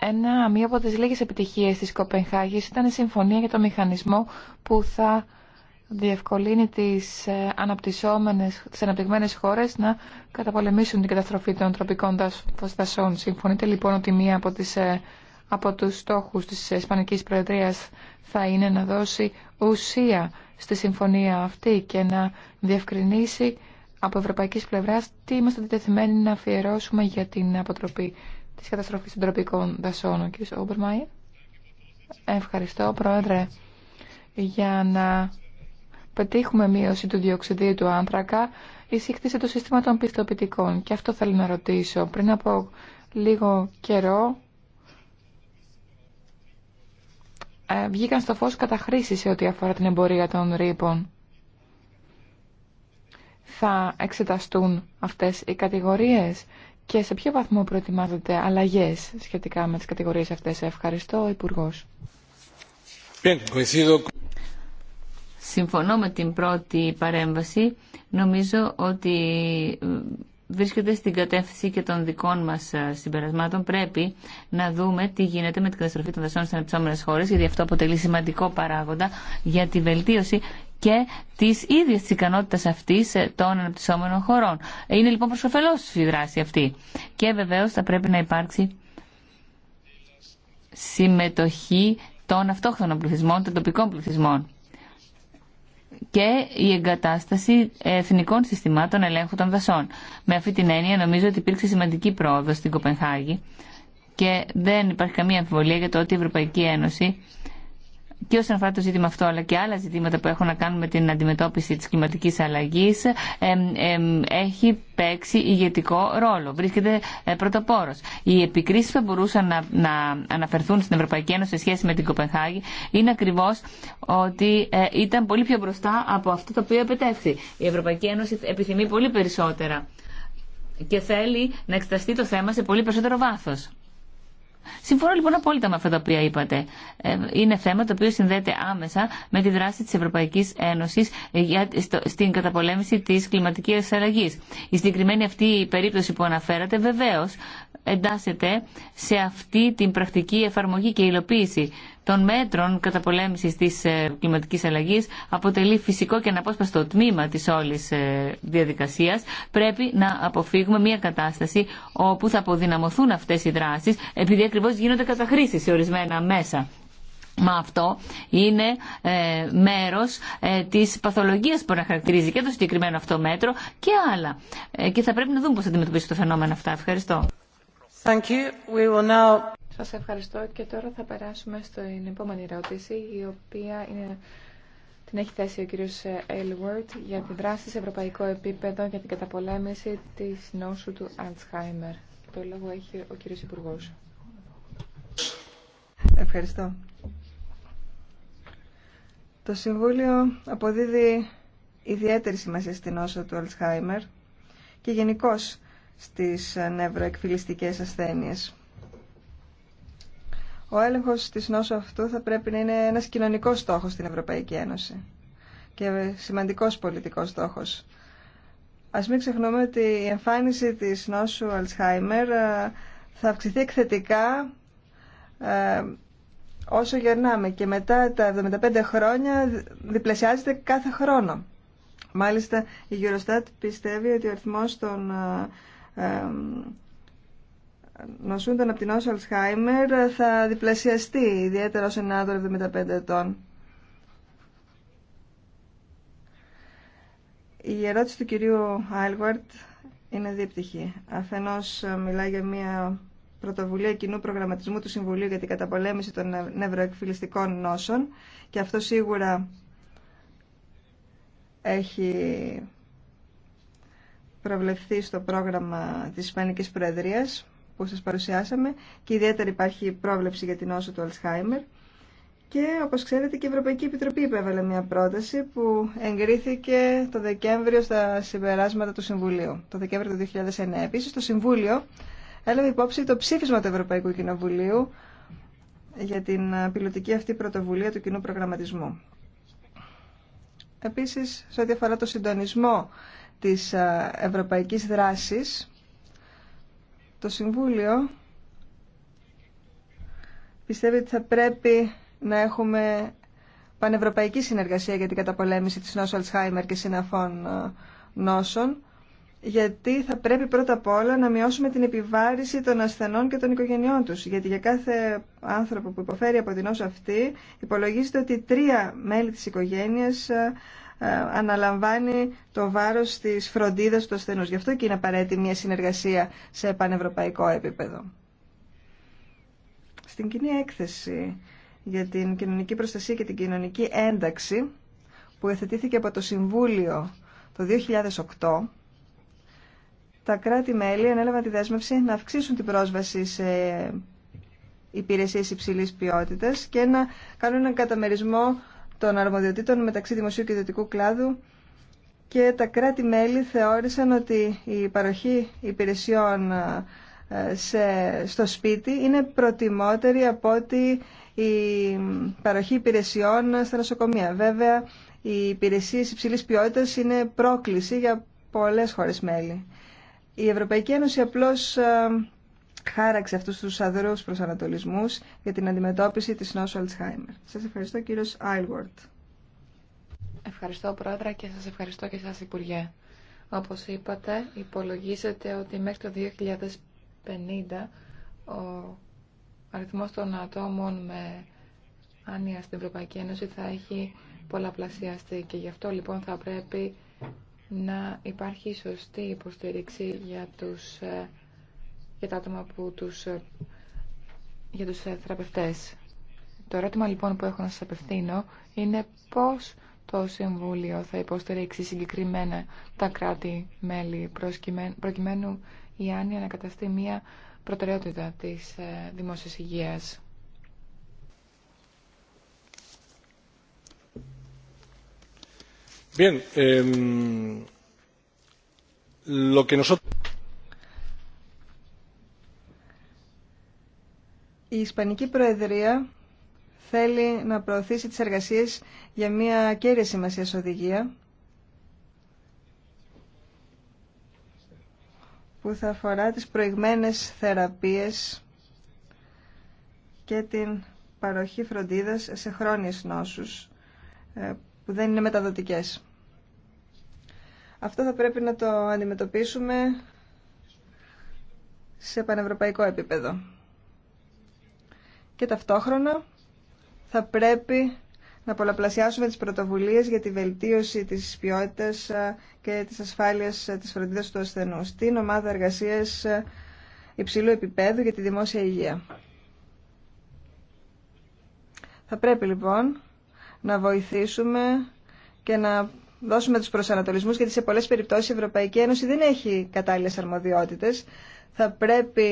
Ένα, μία από τι λίγε επιτυχίε τη Κοπενχάγη ήταν η συμφωνία για το μηχανισμό που θα διευκολύνει τις, ε, αναπτυσσόμενες, τις αναπτυγμένες χώρες να καταπολεμήσουν την καταστροφή των τροπικών δασών. Συμφωνείτε λοιπόν ότι μία από, τις, ε, από τους στόχους της Ισπανικής Προεδρίας θα είναι να δώσει ουσία στη συμφωνία αυτή και να διευκρινίσει από ευρωπαϊκής πλευράς τι είμαστε διτεθειμένοι να αφιερώσουμε για την αποτροπή της καταστροφής των τροπικών δασών. Ο Ευχαριστώ, Πρόεδρε, για να πετύχουμε μείωση του διοξιδίου του άνθρακα, εισήχθησε το σύστημα των πιστοποιητικών. Και αυτό θέλω να ρωτήσω. Πριν από λίγο καιρό ε, βγήκαν στο φως καταχρήσεις σε ό,τι αφορά την εμπορία των ρήπων. Θα εξεταστούν αυτές οι κατηγορίες και σε ποιο βαθμό προετοιμάζονται αλλαγές σχετικά με τις κατηγορίες αυτές. Ευχαριστώ, Υπουργός συμφωνώ με την πρώτη παρέμβαση. Νομίζω ότι ε, βρίσκεται στην κατεύθυνση και των δικών μα ε, συμπερασμάτων. Πρέπει να δούμε τι γίνεται με την καταστροφή των δασών στι αναπτυσσόμενε χώρε, γιατί αυτό αποτελεί σημαντικό παράγοντα για τη βελτίωση και τη ίδια τη ικανότητα αυτή ε, των αναπτυσσόμενων χωρών. Είναι λοιπόν προσφελώ η δράση αυτή. Και βεβαίω θα πρέπει να υπάρξει συμμετοχή των αυτόχθων πληθυσμών, των τοπικών πληθυσμών και η εγκατάσταση εθνικών συστημάτων ελέγχου των δασών. Με αυτή την έννοια νομίζω ότι υπήρξε σημαντική πρόοδο στην Κοπενχάγη και δεν υπάρχει καμία αμφιβολία για το ότι η Ευρωπαϊκή Ένωση και όσον αφορά το ζήτημα αυτό, αλλά και άλλα ζητήματα που έχουν να κάνουν με την αντιμετώπιση της κλιματικής αλλαγής, έχει παίξει ηγετικό ρόλο. Βρίσκεται ε, πρωτοπόρος. Οι επικρίσεις που μπορούσαν να, να αναφερθούν στην Ευρωπαϊκή Ένωση σε σχέση με την Κοπενχάγη είναι ακριβώς ότι ε, ήταν πολύ πιο μπροστά από αυτό το οποίο επιτεύχθη. Η Ευρωπαϊκή Ένωση επιθυμεί πολύ περισσότερα και θέλει να εξεταστεί το θέμα σε πολύ περισσότερο βάθος. Συμφωνώ λοιπόν απόλυτα με αυτά τα οποία είπατε. Ε, είναι θέμα το οποίο συνδέεται άμεσα με τη δράση της Ευρωπαϊκής Ένωσης στην καταπολέμηση της κλιματικής αλλαγής. Η συγκεκριμένη αυτή περίπτωση που αναφέρατε βεβαίως εντάσσεται σε αυτή την πρακτική εφαρμογή και υλοποίηση των μέτρων καταπολέμησης της ε, κλιματική αλλαγή αποτελεί φυσικό και αναπόσπαστο τμήμα της όλης ε, διαδικασία, Πρέπει να αποφύγουμε μια κατάσταση όπου θα αποδυναμωθούν αυτές οι δράσεις επειδή ακριβώ γίνονται καταχρήσεις σε ορισμένα μέσα. Μα αυτό είναι ε, μέρος ε, της παθολογίας που να χαρακτηρίζει και το συγκεκριμένο αυτό μέτρο και άλλα. Ε, και θα πρέπει να δούμε πώς θα αντιμετωπίσουμε το φαινόμενο αυτά. Ευχαριστώ. Thank Σας ευχαριστώ και τώρα θα περάσουμε στην επόμενη ερώτηση η οποία είναι... την έχει θέσει ο κύριος Aylward για τη δράση σε ευρωπαϊκό επίπεδο για την καταπολέμηση της νόσου του Αλτσχάιμερ. Το λόγο έχει ο κύριος Υπουργός. Ευχαριστώ. Το Συμβούλιο αποδίδει ιδιαίτερη σημασία στην νόσο του Αλτσχάιμερ και γενικώ στις νευροεκφυλιστικές ασθένειες. Ο έλεγχος της νόσου αυτού θα πρέπει να είναι ένας κοινωνικός στόχος στην Ευρωπαϊκή Ένωση και σημαντικός πολιτικός στόχος. Ας μην ξεχνούμε ότι η εμφάνιση της νόσου Αλτσχάιμερ θα αυξηθεί εκθετικά ε, όσο γερνάμε και μετά τα 75 χρόνια διπλασιάζεται κάθε χρόνο. Μάλιστα η Eurostat πιστεύει ότι ο αριθμός των ε, από την απτυνός Αλσχάιμερ θα διπλασιαστεί, ιδιαίτερα ως ένα 75 ετών. Η ερώτηση του κυρίου Άιλγουαρτ είναι δίπτυχη. Αφενός ε, μιλάει για μια πρωτοβουλία κοινού προγραμματισμού του Συμβουλίου για την καταπολέμηση των νευροεκφυλιστικών νόσων και αυτό σίγουρα έχει προβλεφθεί στο πρόγραμμα της Ισπανικής Προεδρίας που σας παρουσιάσαμε και ιδιαίτερα υπάρχει πρόβλεψη για την όσο του Αλτσχάιμερ. Και όπως ξέρετε και η Ευρωπαϊκή Επιτροπή υπέβαλε μια πρόταση που εγκρίθηκε το Δεκέμβριο στα συμπεράσματα του Συμβουλίου, το Δεκέμβριο του 2009. Επίσης το Συμβούλιο έλαβε υπόψη το ψήφισμα του Ευρωπαϊκού Κοινοβουλίου για την πιλωτική αυτή πρωτοβουλία του κοινού προγραμματισμού. Επίσης, σε ό,τι αφορά το συντονισμό της ε, ευρωπαϊκής δράσης, το Συμβούλιο πιστεύει ότι θα πρέπει να έχουμε πανευρωπαϊκή συνεργασία για την καταπολέμηση της νόσου Αλτσχάιμερ και συναφών ε, νόσων, γιατί θα πρέπει πρώτα απ' όλα να μειώσουμε την επιβάρηση των ασθενών και των οικογενειών τους. Γιατί για κάθε άνθρωπο που υποφέρει από την νόσο αυτή υπολογίζεται ότι τρία μέλη της οικογένειας ε, ε, αναλαμβάνει το βάρος της φροντίδας του ασθενούς. Γι' αυτό και είναι απαραίτητη μια συνεργασία σε πανευρωπαϊκό επίπεδο. Στην κοινή έκθεση για την κοινωνική προστασία και την κοινωνική ένταξη που εθετήθηκε από το Συμβούλιο το 2008, τα κράτη-μέλη ανέλαβαν τη δέσμευση να αυξήσουν την πρόσβαση σε υπηρεσίες υψηλής ποιότητας και να κάνουν έναν καταμερισμό των αρμοδιοτήτων μεταξύ δημοσίου και ιδιωτικού κλάδου και τα κράτη-μέλη θεώρησαν ότι η παροχή υπηρεσιών ε, σε, στο σπίτι είναι προτιμότερη από ότι η παροχή υπηρεσιών στα νοσοκομεία. Βέβαια, οι υπηρεσίες υψηλής ποιότητας είναι πρόκληση για πολλές χώρες μέλη. Η Ευρωπαϊκή Ένωση απλώς ε, χάραξε αυτούς τους αδρούς προσανατολισμούς για την αντιμετώπιση της νόσου Αλτσχάιμερ. Σας ευχαριστώ κύριος Άιλουαρτ. Ευχαριστώ Πρόεδρα και σας ευχαριστώ και σας Υπουργέ. Όπως είπατε, υπολογίζεται ότι μέχρι το 2050 ο αριθμός των ατόμων με άνοια στην Ευρωπαϊκή Ένωση θα έχει πολλαπλασιαστεί και γι' αυτό λοιπόν θα πρέπει να υπάρχει σωστή υποστήριξη για τους ε, για τα άτομα που τους, ε, για τους ε, θεραπευτές. Το ερώτημα λοιπόν που έχω να σας απευθύνω είναι πώς το Συμβούλιο θα υποστηρίξει συγκεκριμένα τα κράτη-μέλη προκειμένου η Άνια να καταστεί μια προτεραιότητα της ε, δημόσιας υγείας. Bien, eh, Η Ισπανική Προεδρία θέλει να προωθήσει τις εργασίες για μια κέρια σημασία οδηγία που θα αφορά τις προηγμένες θεραπείες και την παροχή φροντίδας σε χρόνιες νόσους ε, που δεν είναι μεταδοτικές. Αυτό θα πρέπει να το αντιμετωπίσουμε σε πανευρωπαϊκό επίπεδο και ταυτόχρονα θα πρέπει να πολλαπλασιάσουμε τις πρωτοβουλίες για τη βελτίωση της ποιότητας ε, και της ασφάλειας ε, της φροντίδας του ασθενού στην ομάδα εργασίας ε, υψηλού επίπεδου για τη δημόσια υγεία. Θα πρέπει λοιπόν να βοηθήσουμε και να δώσουμε τους προσανατολισμούς γιατί σε πολλές περιπτώσεις η Ευρωπαϊκή Ένωση δεν έχει κατάλληλες αρμοδιότητες. Θα πρέπει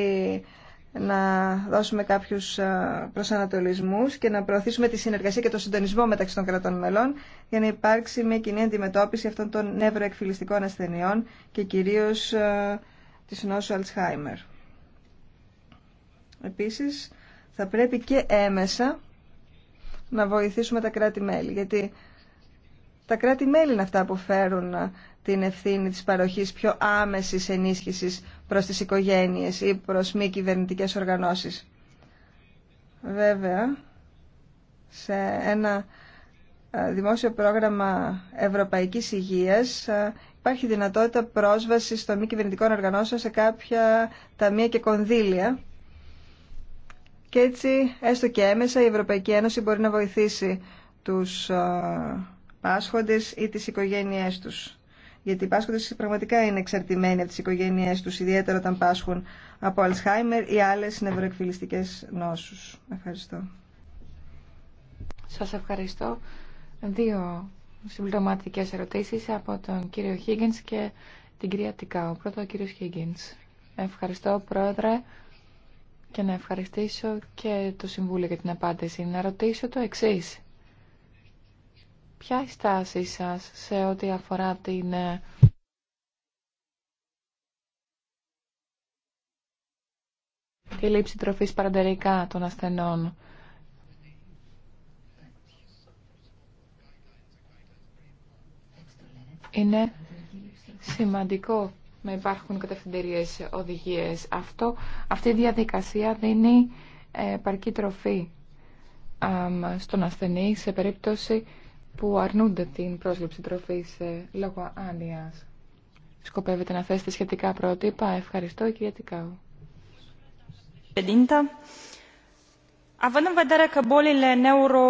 να δώσουμε κάποιους ε, προσανατολισμούς και να προωθήσουμε τη συνεργασία και το συντονισμό μεταξύ των κρατών μελών για να υπάρξει μια κοινή αντιμετώπιση αυτών των νευροεκφυλιστικών ασθενειών και κυρίως ε, της νόσου Αλτσχάιμερ. Επίσης, θα πρέπει και έμεσα να βοηθήσουμε τα κράτη-μέλη, γιατί τα κράτη-μέλη είναι αυτά που φέρουν την ευθύνη της παροχής πιο άμεσης ενίσχυσης προς τις οικογένειες ή προς μη κυβερνητικέ οργανώσεις. Βέβαια, σε ένα ε, δημόσιο πρόγραμμα Ευρωπαϊκής Υγείας ε, υπάρχει δυνατότητα πρόσβασης των μη κυβερνητικών οργανώσεων σε κάποια ταμεία και κονδύλια και έτσι έστω και έμεσα η Ευρωπαϊκή Ένωση μπορεί να βοηθήσει τους ε, πάσχοντες ή τις οικογένειές τους γιατί οι πάσχοντε πραγματικά είναι εξαρτημένοι από τις οικογένειές τους, ιδιαίτερα όταν πάσχουν από Αλσχάιμερ ή άλλες νευροεκφυλιστικές νόσους. Ευχαριστώ. Σας ευχαριστώ. Δύο συμπληρωματικέ ερωτήσεις από τον κύριο Χίγγινς και την κυρία Τικάου. Πρώτο ο κύριος Χίγγινς. Ευχαριστώ πρόεδρε και να ευχαριστήσω και το Συμβούλιο για την απάντηση. Να ρωτήσω το εξής. Ποια η στάση σας σε ό,τι αφορά την ε, λήψη τροφής παραντερικά των ασθενών. Είναι σημαντικό να υπάρχουν κατευθυντήριες οδηγίες. Αυτό, αυτή η διαδικασία δίνει ε, παρκή τροφή στον ασθενή σε περίπτωση που αρνούνται την πρόσληψη τροφής λόγω άνοιας. Σκοπεύετε να θέσετε σχετικά πρότυπα. Ευχαριστώ, κυρία Τικάου.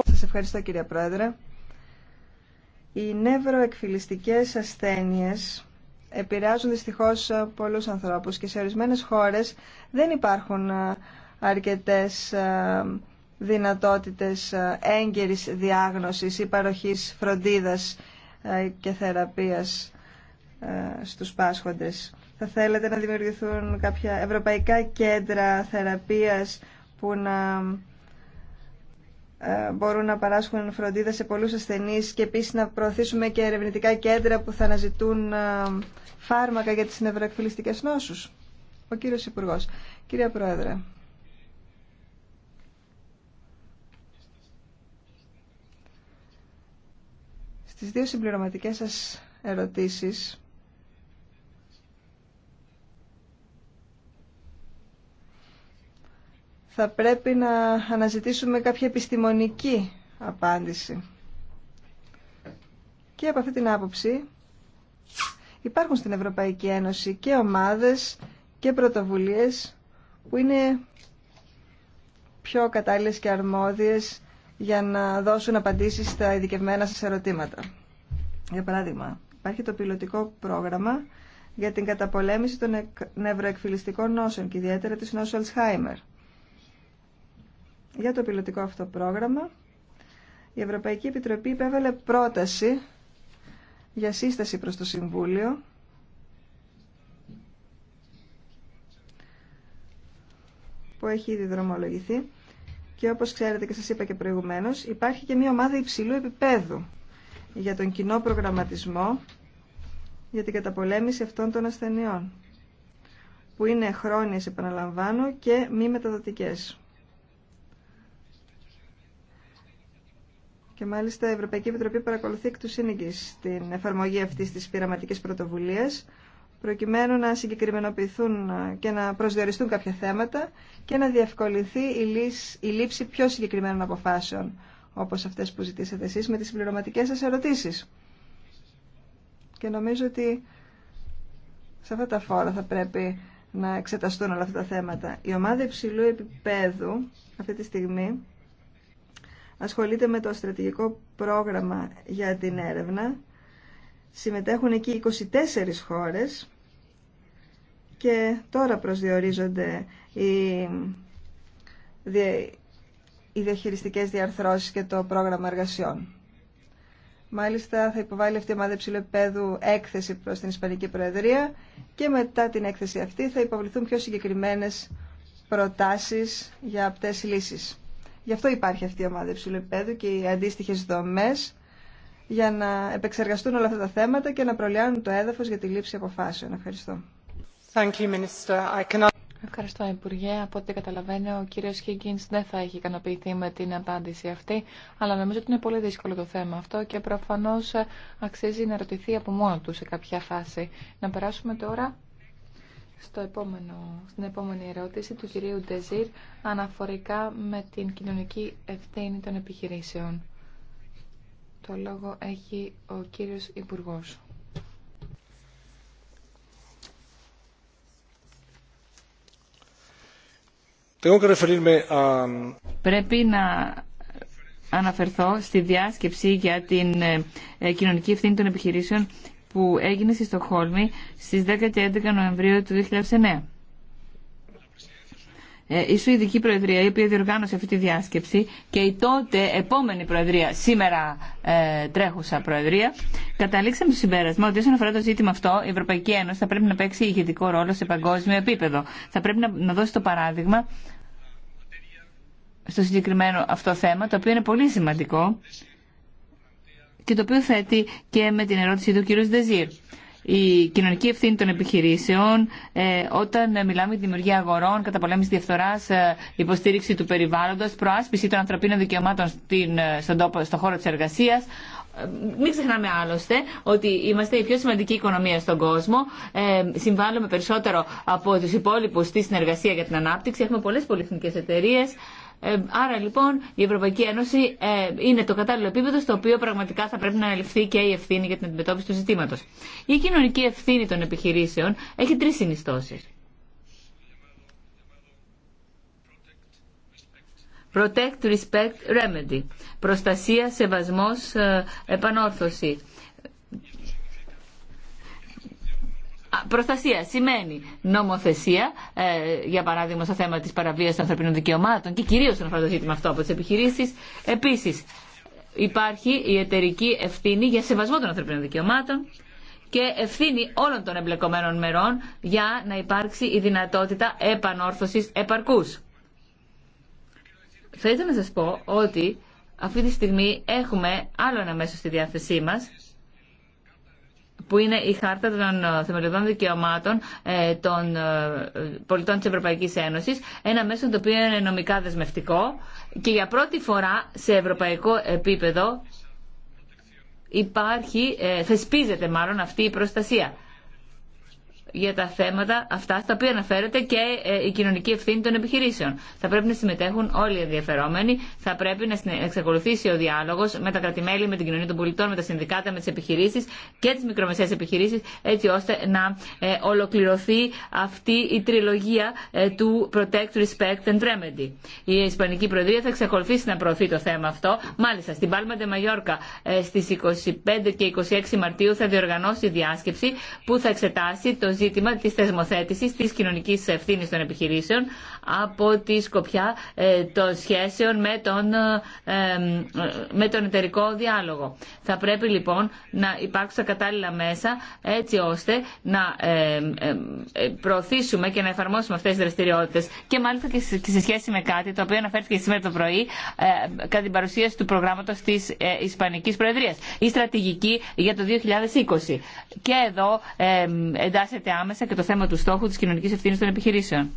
Σας ευχαριστώ, κυρία Πρόεδρε. Οι νευροεκφυλιστικές ασθένειες επηρεάζουν δυστυχώς πολλούς ανθρώπους και σε ορισμένες χώρες δεν υπάρχουν αρκετές ε, δυνατότητες ε, έγκαιρης διάγνωσης ή παροχής φροντίδας ε, και θεραπείας ε, στους πάσχοντες. Θα θέλετε να δημιουργηθούν κάποια ευρωπαϊκά κέντρα θεραπείας που να μπορούν να παράσχουν φροντίδα σε πολλούς ασθενείς και επίσης να προωθήσουμε και ερευνητικά κέντρα που θα αναζητούν φάρμακα για τις νευροεκφυλιστικές νόσους. Ο κύριος Υπουργός. Κύριε Πρόεδρε. Στις δύο συμπληρωματικές σας ερωτήσεις θα πρέπει να αναζητήσουμε κάποια επιστημονική απάντηση. Και από αυτή την άποψη υπάρχουν στην Ευρωπαϊκή Ένωση και ομάδες και πρωτοβουλίες που είναι πιο κατάλληλες και αρμόδιες για να δώσουν απαντήσεις στα ειδικευμένα σας ερωτήματα. Για παράδειγμα, υπάρχει το πιλωτικό πρόγραμμα για την καταπολέμηση των νευροεκφυλιστικών νόσων και ιδιαίτερα της νόσου Αλσχάιμερ. Για το πιλωτικό αυτό πρόγραμμα, η Ευρωπαϊκή Επιτροπή υπέβαλε πρόταση για σύσταση προς το Συμβούλιο που έχει ήδη δρομολογηθεί και όπως ξέρετε και σας είπα και προηγουμένως, υπάρχει και μια ομάδα υψηλού επίπεδου για τον κοινό προγραμματισμό για την καταπολέμηση αυτών των ασθενειών, που είναι χρόνιες, επαναλαμβάνω, και μη μεταδοτικές. Και μάλιστα η Ευρωπαϊκή Επιτροπή παρακολουθεί εκ του την εφαρμογή αυτής της πειραματικής πρωτοβουλίας, προκειμένου να συγκεκριμενοποιηθούν και να προσδιοριστούν κάποια θέματα και να διευκολυνθεί η λήψη πιο συγκεκριμένων αποφάσεων, όπως αυτές που ζητήσατε εσείς με τις συμπληρωματικές σας ερωτήσεις. Και νομίζω ότι σε αυτά τα φόρα θα πρέπει να εξεταστούν όλα αυτά τα θέματα. Η ομάδα υψηλού επίπεδου αυτή τη στιγμή ασχολείται με το στρατηγικό πρόγραμμα για την έρευνα Συμμετέχουν εκεί 24 χώρες και τώρα προσδιορίζονται οι, οι διαχειριστικές διαρθρώσεις και το πρόγραμμα εργασιών. Μάλιστα θα υποβάλει αυτή η ομάδα υψηλού έκθεση προς την Ισπανική Προεδρία και μετά την έκθεση αυτή θα υποβληθούν πιο συγκεκριμένες προτάσεις για αυτές τις λύσεις. Γι' αυτό υπάρχει αυτή η ομάδα υψηλού και οι αντίστοιχες δομές για να επεξεργαστούν όλα αυτά τα θέματα και να προλιάνουν το έδαφος για τη λήψη αποφάσεων. Ευχαριστώ. Thank you, Ευχαριστώ, Υπουργέ. Από ό,τι καταλαβαίνω, ο κύριος Χίγκινς δεν θα έχει ικανοποιηθεί με την απάντηση αυτή, αλλά νομίζω ότι είναι πολύ δύσκολο το θέμα αυτό και προφανώς ε, αξίζει να ρωτηθεί από μόνο του σε κάποια φάση. Να περάσουμε τώρα στο επόμενο, στην επόμενη ερώτηση του κυρίου Ντεζίρ αναφορικά με την κοινωνική ευθύνη των επιχειρήσεων. Το λόγο έχει ο κύριος Υπουργός. Πρέπει να αναφερθώ στη διάσκεψη για την ε, κοινωνική ευθύνη των επιχειρήσεων που έγινε στη Στοχόλμη στις 10 και 11 Νοεμβρίου του 2009. Ε, η Σουηδική Προεδρία, η οποία διοργάνωσε αυτή τη διάσκεψη και η τότε επόμενη Προεδρία, σήμερα ε, τρέχουσα Προεδρία, καταλήξαμε στο συμπέρασμα ότι όσον αφορά το ζήτημα αυτό, η Ευρωπαϊκή Ένωση θα πρέπει να παίξει ηγετικό ρόλο σε παγκόσμιο επίπεδο. Θα πρέπει να, να δώσει το παράδειγμα στο συγκεκριμένο αυτό θέμα, το οποίο είναι πολύ σημαντικό και το οποίο θέτει και με την ερώτηση του κ. Δεζίρ η κοινωνική ευθύνη των επιχειρήσεων ε, όταν μιλάμε για τη δημιουργία αγορών, καταπολέμηση διαφθοράς, ε, υποστήριξη του περιβάλλοντος, προάσπιση των ανθρωπίνων δικαιωμάτων στην, ε, στον, τόπο, χώρο της εργασίας, μην ξεχνάμε άλλωστε ότι είμαστε η πιο σημαντική οικονομία στον κόσμο. συμβάλλουμε περισσότερο από του υπόλοιπου στη συνεργασία για την ανάπτυξη. Έχουμε πολλέ πολυεθνικέ εταιρείε. Ε, άρα λοιπόν η Ευρωπαϊκή Ένωση ε, είναι το κατάλληλο επίπεδο στο οποίο πραγματικά θα πρέπει να αναλυφθεί και η ευθύνη για την αντιμετώπιση του ζητήματο. Η κοινωνική ευθύνη των επιχειρήσεων έχει τρει συνιστώσει. Protect, respect, remedy. Προστασία, σεβασμός, ε, επανόρθωση. Προστασία σημαίνει νομοθεσία, ε, για παράδειγμα στο θέμα της παραβίασης των ανθρωπίνων δικαιωμάτων και κυρίως στον αφορά το ζήτημα αυτό από τις επιχειρήσεις. Επίσης υπάρχει η εταιρική ευθύνη για σεβασμό των ανθρωπίνων δικαιωμάτων και ευθύνη όλων των εμπλεκομένων μερών για να υπάρξει η δυνατότητα επανόρθωσης επαρκούς. Θα ήθελα να σας πω ότι αυτή τη στιγμή έχουμε άλλο ένα μέσο στη διάθεσή μας που είναι η Χάρτα των ε, Θεμελιωδών Δικαιωμάτων ε, των ε, Πολιτών της Ευρωπαϊκής Ένωσης, ένα μέσο το οποίο είναι νομικά δεσμευτικό και για πρώτη φορά σε ευρωπαϊκό επίπεδο υπάρχει, θεσπίζεται μάλλον αυτή η προστασία για τα θέματα αυτά στα οποία αναφέρεται και ε, η κοινωνική ευθύνη των επιχειρήσεων. Θα πρέπει να συμμετέχουν όλοι οι ενδιαφερόμενοι, θα πρέπει να εξακολουθήσει ο διάλογο με τα κρατημέλη, με την κοινωνία των πολιτών, με τα συνδικάτα, με τι επιχειρήσει και τι μικρομεσαίε επιχειρήσει, έτσι ώστε να ε, ολοκληρωθεί αυτή η τριλογία ε, του Protect, Respect and Remedy. Η Ισπανική Προεδρία θα εξακολουθήσει να προωθεί το θέμα αυτό. Μάλιστα, στην Πάλμα de Μαγιόρκα στι 25 και 26 Μαρτίου θα διοργανώσει διάσκεψη που θα εξετάσει το ζήτημα τη θεσμοθέτηση τη κοινωνική ευθύνη των επιχειρήσεων από τη σκοπιά ε, των σχέσεων με τον, ε, ε, με τον εταιρικό διάλογο. Θα πρέπει λοιπόν να υπάρξουν τα κατάλληλα μέσα έτσι ώστε να προωθήσουμε και να εφαρμόσουμε αυτέ τι δραστηριότητε και μάλιστα και σε σχέση με κάτι το οποίο αναφέρθηκε σήμερα το πρωί κατά την παρουσίαση του προγράμματος της Ισπανική Προεδρία Η στρατηγική για το 2020. Και εδώ εντάσσεται άμεσα και το θέμα του στόχου της κοινωνικής ευθύνης των επιχειρήσεων.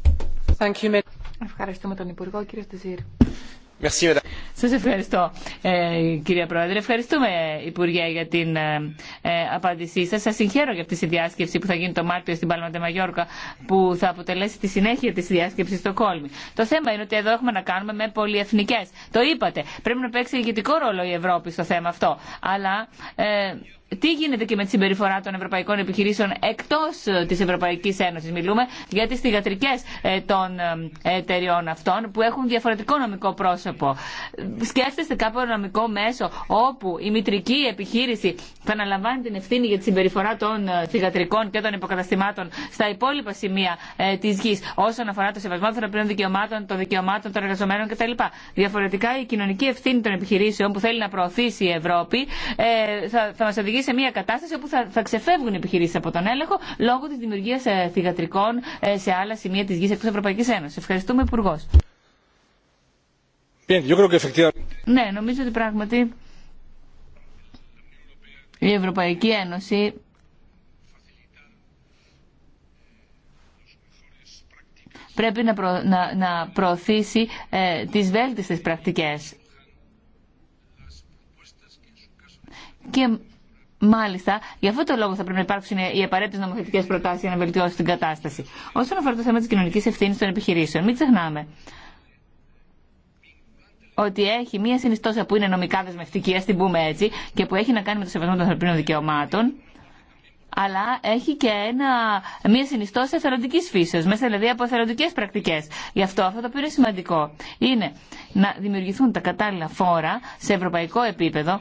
Ευχαριστούμε τον Υπουργό, κύριε Στυζήρ. Σας ευχαριστώ ε, κυρία Πρόεδρε. Ευχαριστούμε Υπουργέ για την ε, ε, απάντησή σα, Σας συγχαίρω για αυτή τη διάσκεψη που θα γίνει το Μάρτιο στην Παλματέ Μαγιόρκα που θα αποτελέσει τη συνέχεια της διάσκεψης στο Κόλμη. Το θέμα είναι ότι εδώ έχουμε να κάνουμε με πολυεθνικές. Το είπατε. Πρέπει να παίξει ηγετικό ρόλο η Ευρώπη στο θέμα αυτό. Αλλά... Ε, τι γίνεται και με τη συμπεριφορά των ευρωπαϊκών επιχειρήσεων εκτό ε, τη Ευρωπαϊκή Ένωση Μιλούμε για τι θηγατρικέ ε, των ε, εταιριών αυτών που έχουν διαφορετικό νομικό πρόσωπο. Σκέφτεστε κάποιο νομικό μέσο όπου η μητρική επιχείρηση θα αναλαμβάνει την ευθύνη για τη συμπεριφορά των θηγατρικών και των υποκαταστημάτων στα υπόλοιπα σημεία τη γη, όσον αφορά το σεβασμό των ανθρωπίνων δικαιωμάτων, των δικαιωμάτων των εργαζομένων κτλ. Διαφορετικά η κοινωνική ευθύνη των επιχειρήσεων που θέλει να προωθήσει η Ευρώπη θα μα οδηγήσει οδηγεί σε μια κατάσταση όπου θα, θα ξεφεύγουν οι επιχειρήσει από τον έλεγχο λόγω τη δημιουργία ε, θηγατρικών ε, σε άλλα σημεία τη γη εκτό Ευρωπαϊκή Ένωση. Ευχαριστούμε, Υπουργό. Ναι, νομίζω ότι πράγματι η Ευρωπαϊκή Ένωση πρέπει να, να, να προωθήσει ε, τις βέλτιστες πρακτικές. Και Μάλιστα, για αυτό το λόγο θα πρέπει να υπάρξουν οι απαραίτητε νομοθετικέ προτάσει για να βελτιώσει την κατάσταση. Όσον αφορά το θέμα τη κοινωνική ευθύνη των επιχειρήσεων, μην ξεχνάμε ότι έχει μία συνιστόσα που είναι νομικά δεσμευτική, α την πούμε έτσι, και που έχει να κάνει με το σεβασμό των ανθρωπίνων δικαιωμάτων, αλλά έχει και ένα, μία συνιστόσα εθελοντική φύση, μέσα δηλαδή από εθελοντικέ πρακτικέ. Γι' αυτό αυτό το οποίο είναι σημαντικό είναι να δημιουργηθούν τα κατάλληλα φόρα σε ευρωπαϊκό επίπεδο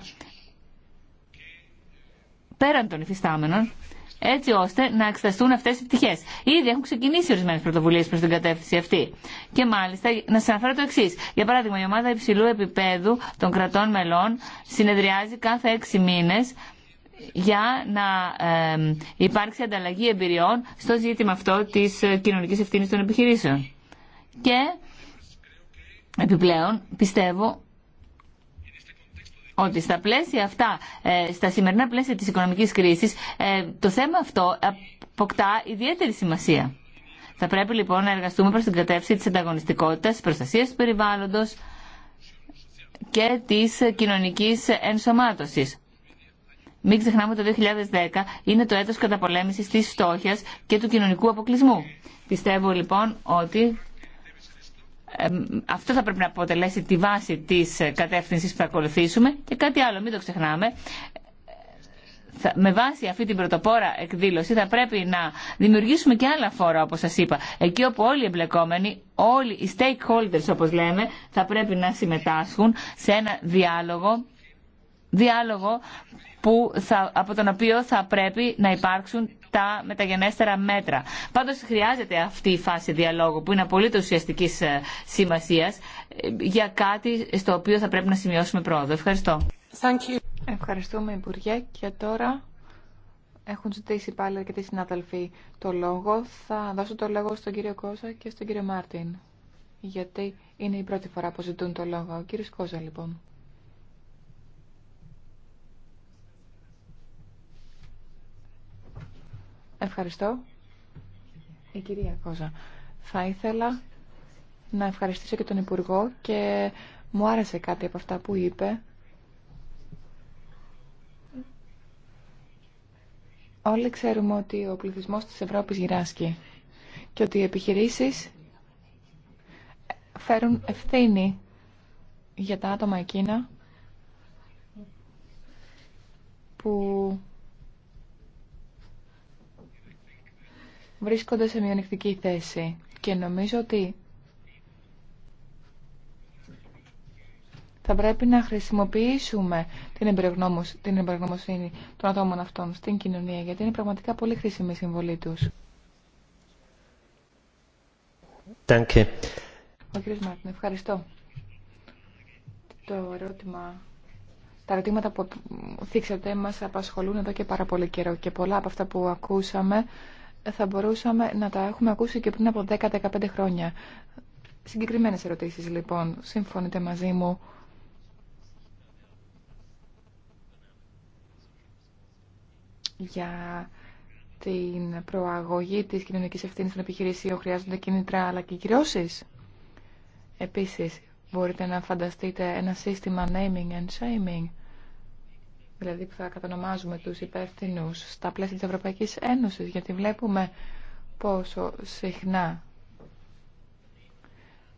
πέραν των υφιστάμενων, έτσι ώστε να εξεταστούν αυτέ οι πτυχέ. Ήδη έχουν ξεκινήσει ορισμένε πρωτοβουλίε προ την κατεύθυνση αυτή. Και μάλιστα, να σα αναφέρω το εξή. Για παράδειγμα, η ομάδα υψηλού επίπεδου των κρατών μελών συνεδριάζει κάθε έξι μήνε για να υπάρξει ανταλλαγή εμπειριών στο ζήτημα αυτό της ε, κοινωνικής ευθύνης των επιχειρήσεων. Και επιπλέον πιστεύω ότι στα πλαίσια αυτά, ε, στα σημερινά πλαίσια της οικονομικής κρίσης, ε, το θέμα αυτό αποκτά ιδιαίτερη σημασία. Θα πρέπει λοιπόν να εργαστούμε προς την κατεύθυνση της ανταγωνιστικότητας, της προστασίας του περιβάλλοντος και της κοινωνικής ενσωμάτωσης. Μην ξεχνάμε ότι το 2010 είναι το έτος καταπολέμησης της στόχιας και του κοινωνικού αποκλεισμού. Πιστεύω λοιπόν ότι αυτό θα πρέπει να αποτελέσει τη βάση της κατεύθυνσης που θα ακολουθήσουμε. Και κάτι άλλο, μην το ξεχνάμε, με βάση αυτή την πρωτοπόρα εκδήλωση θα πρέπει να δημιουργήσουμε και άλλα φόρα όπως σας είπα. Εκεί όπου όλοι οι εμπλεκόμενοι, όλοι οι stakeholders όπως λέμε, θα πρέπει να συμμετάσχουν σε ένα διάλογο, διάλογο που θα, από τον οποίο θα πρέπει να υπάρξουν τα μεταγενέστερα μέτρα. Πάντω χρειάζεται αυτή η φάση διαλόγου που είναι απολύτω ουσιαστική ε, σημασία ε, για κάτι στο οποίο θα πρέπει να σημειώσουμε πρόοδο. Ευχαριστώ. Thank you. Ευχαριστούμε, Υπουργέ. Και τώρα έχουν ζητήσει πάλι τη συνάδελφοι το λόγο. Θα δώσω το λόγο στον κύριο Κόζα και στον κύριο Μάρτιν. Γιατί είναι η πρώτη φορά που ζητούν το λόγο. Ο κύριος Κόζα, λοιπόν. Ευχαριστώ. Η κυρία Κόζα. Θα ήθελα να ευχαριστήσω και τον Υπουργό και μου άρεσε κάτι από αυτά που είπε. Όλοι ξέρουμε ότι ο πληθυσμός της Ευρώπης γυράσκει και ότι οι επιχειρήσεις φέρουν ευθύνη για τα άτομα εκείνα που βρίσκονται σε μειονεκτική θέση και νομίζω ότι θα πρέπει να χρησιμοποιήσουμε την, την των ατόμων αυτών στην κοινωνία, γιατί είναι πραγματικά πολύ χρήσιμη η συμβολή τους. Danke. Ο κ. Μάρτιν, ευχαριστώ. Το ερώτημα... Τα ερωτήματα που θίξατε μας απασχολούν εδώ και πάρα πολύ καιρό και πολλά από αυτά που ακούσαμε θα μπορούσαμε να τα έχουμε ακούσει και πριν από 10-15 χρόνια. Συγκεκριμένες ερωτήσεις λοιπόν, συμφωνείτε μαζί μου. Για την προαγωγή της κοινωνικής ευθύνης των επιχειρήσεων χρειάζονται κίνητρα αλλά και κυρώσεις. Επίσης, μπορείτε να φανταστείτε ένα σύστημα naming and shaming δηλαδή που θα κατανομάζουμε τους υπεύθυνου στα πλαίσια της Ευρωπαϊκής Ένωσης, γιατί βλέπουμε πόσο συχνά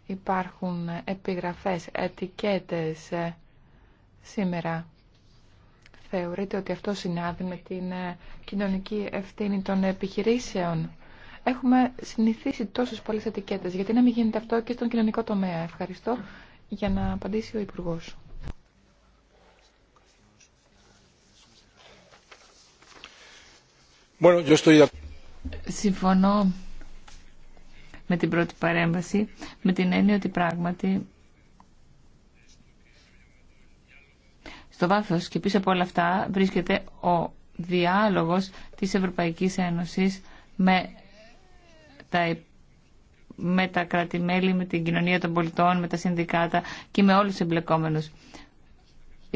υπάρχουν επιγραφές, ετικέτες ε, σήμερα. Θεωρείτε ότι αυτό συνάδει με την ε, κοινωνική ευθύνη των επιχειρήσεων. Έχουμε συνηθίσει τόσες πολλές ετικέτες. Γιατί να μην γίνεται αυτό και στον κοινωνικό τομέα. Ευχαριστώ για να απαντήσει ο Υπουργός. Συμφωνώ με την πρώτη παρέμβαση, με την έννοια ότι πράγματι στο βάθος και πίσω από όλα αυτά βρίσκεται ο διάλογος της Ευρωπαϊκής Ένωσης με τα, με τα με την κοινωνία των πολιτών, με τα συνδικάτα και με όλους τους εμπλεκόμενους.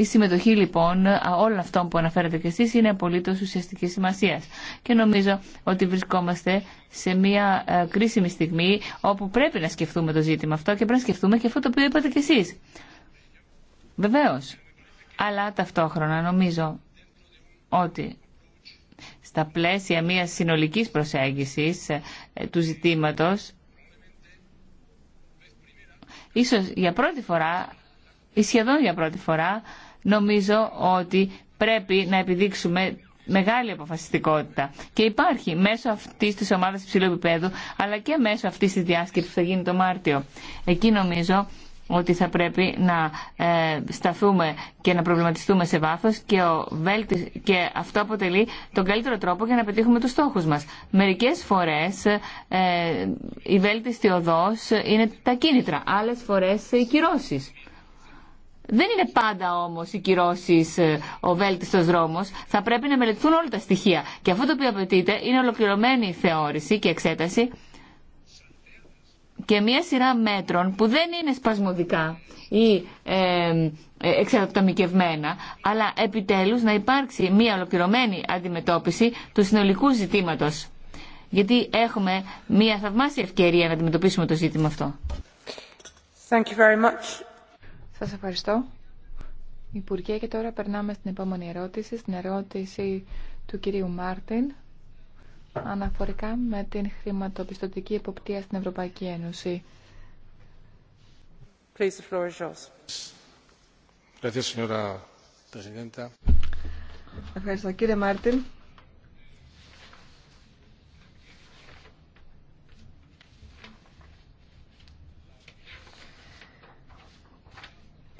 Η συμμετοχή λοιπόν όλων αυτών που αναφέρατε και εσείς είναι απολύτως ουσιαστική σημασία. Και νομίζω ότι βρισκόμαστε σε μια ε, κρίσιμη στιγμή όπου πρέπει να σκεφτούμε το ζήτημα αυτό και πρέπει να σκεφτούμε και αυτό το οποίο είπατε κι εσείς. Βεβαίως. Αλλά ταυτόχρονα νομίζω ότι στα πλαίσια μιας συνολικής προσέγγισης ε, του ζητήματος ίσως για πρώτη φορά ή σχεδόν για πρώτη φορά νομίζω ότι πρέπει να επιδείξουμε μεγάλη αποφασιστικότητα. Και υπάρχει μέσω αυτή τη ομάδα υψηλού επίπεδου, αλλά και μέσω αυτή τη διάσκεψη που θα γίνει το Μάρτιο. Εκεί νομίζω ότι θα πρέπει να ε, σταθούμε και να προβληματιστούμε σε βάθος και, ο και αυτό αποτελεί τον καλύτερο τρόπο για να πετύχουμε τους στόχους μας. Μερικές φορές ε, η βέλτιστη οδός είναι τα κίνητρα, άλλες φορές οι κυρώσεις. Δεν είναι πάντα όμω οι κυρώσει ε, ο βέλτιστο δρόμο. Θα πρέπει να μελετηθούν όλα τα στοιχεία. Και αυτό το οποίο απαιτείται είναι ολοκληρωμένη θεώρηση και εξέταση και μία σειρά μέτρων που δεν είναι σπασμωδικά ή ε, ε εξατομικευμένα, αλλά επιτέλους να υπάρξει μία ολοκληρωμένη αντιμετώπιση του συνολικού ζητήματος. Γιατί έχουμε μία θαυμάσια ευκαιρία να αντιμετωπίσουμε το ζήτημα αυτό. Σας ευχαριστώ. Υπουργέ, και τώρα περνάμε στην επόμενη ερώτηση, στην ερώτηση του κυρίου Μάρτιν αναφορικά με την χρηματοπιστωτική εποπτεία στην Ευρωπαϊκή Ένωση. Ευχαριστώ κύριε Μάρτιν.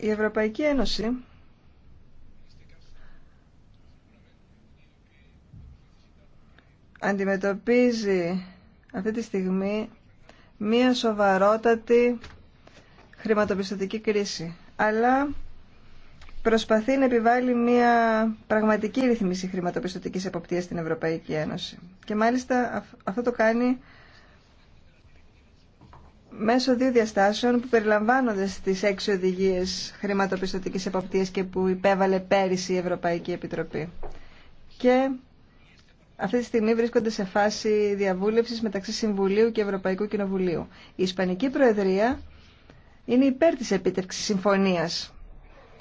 Η Ευρωπαϊκή Ένωση αντιμετωπίζει αυτή τη στιγμή μία σοβαρότατη χρηματοπιστωτική κρίση. Αλλά προσπαθεί να επιβάλλει μία πραγματική ρυθμίση χρηματοπιστωτικής εποπτείας στην Ευρωπαϊκή Ένωση. Και μάλιστα αυτό το κάνει μέσω δύο διαστάσεων που περιλαμβάνονται στις έξι οδηγίες χρηματοπιστωτικής εποπτείας και που υπέβαλε πέρυσι η Ευρωπαϊκή Επιτροπή. Και αυτή τη στιγμή βρίσκονται σε φάση διαβούλευσης μεταξύ Συμβουλίου και Ευρωπαϊκού Κοινοβουλίου. Η Ισπανική Προεδρία είναι υπέρ της επίτευξης συμφωνίας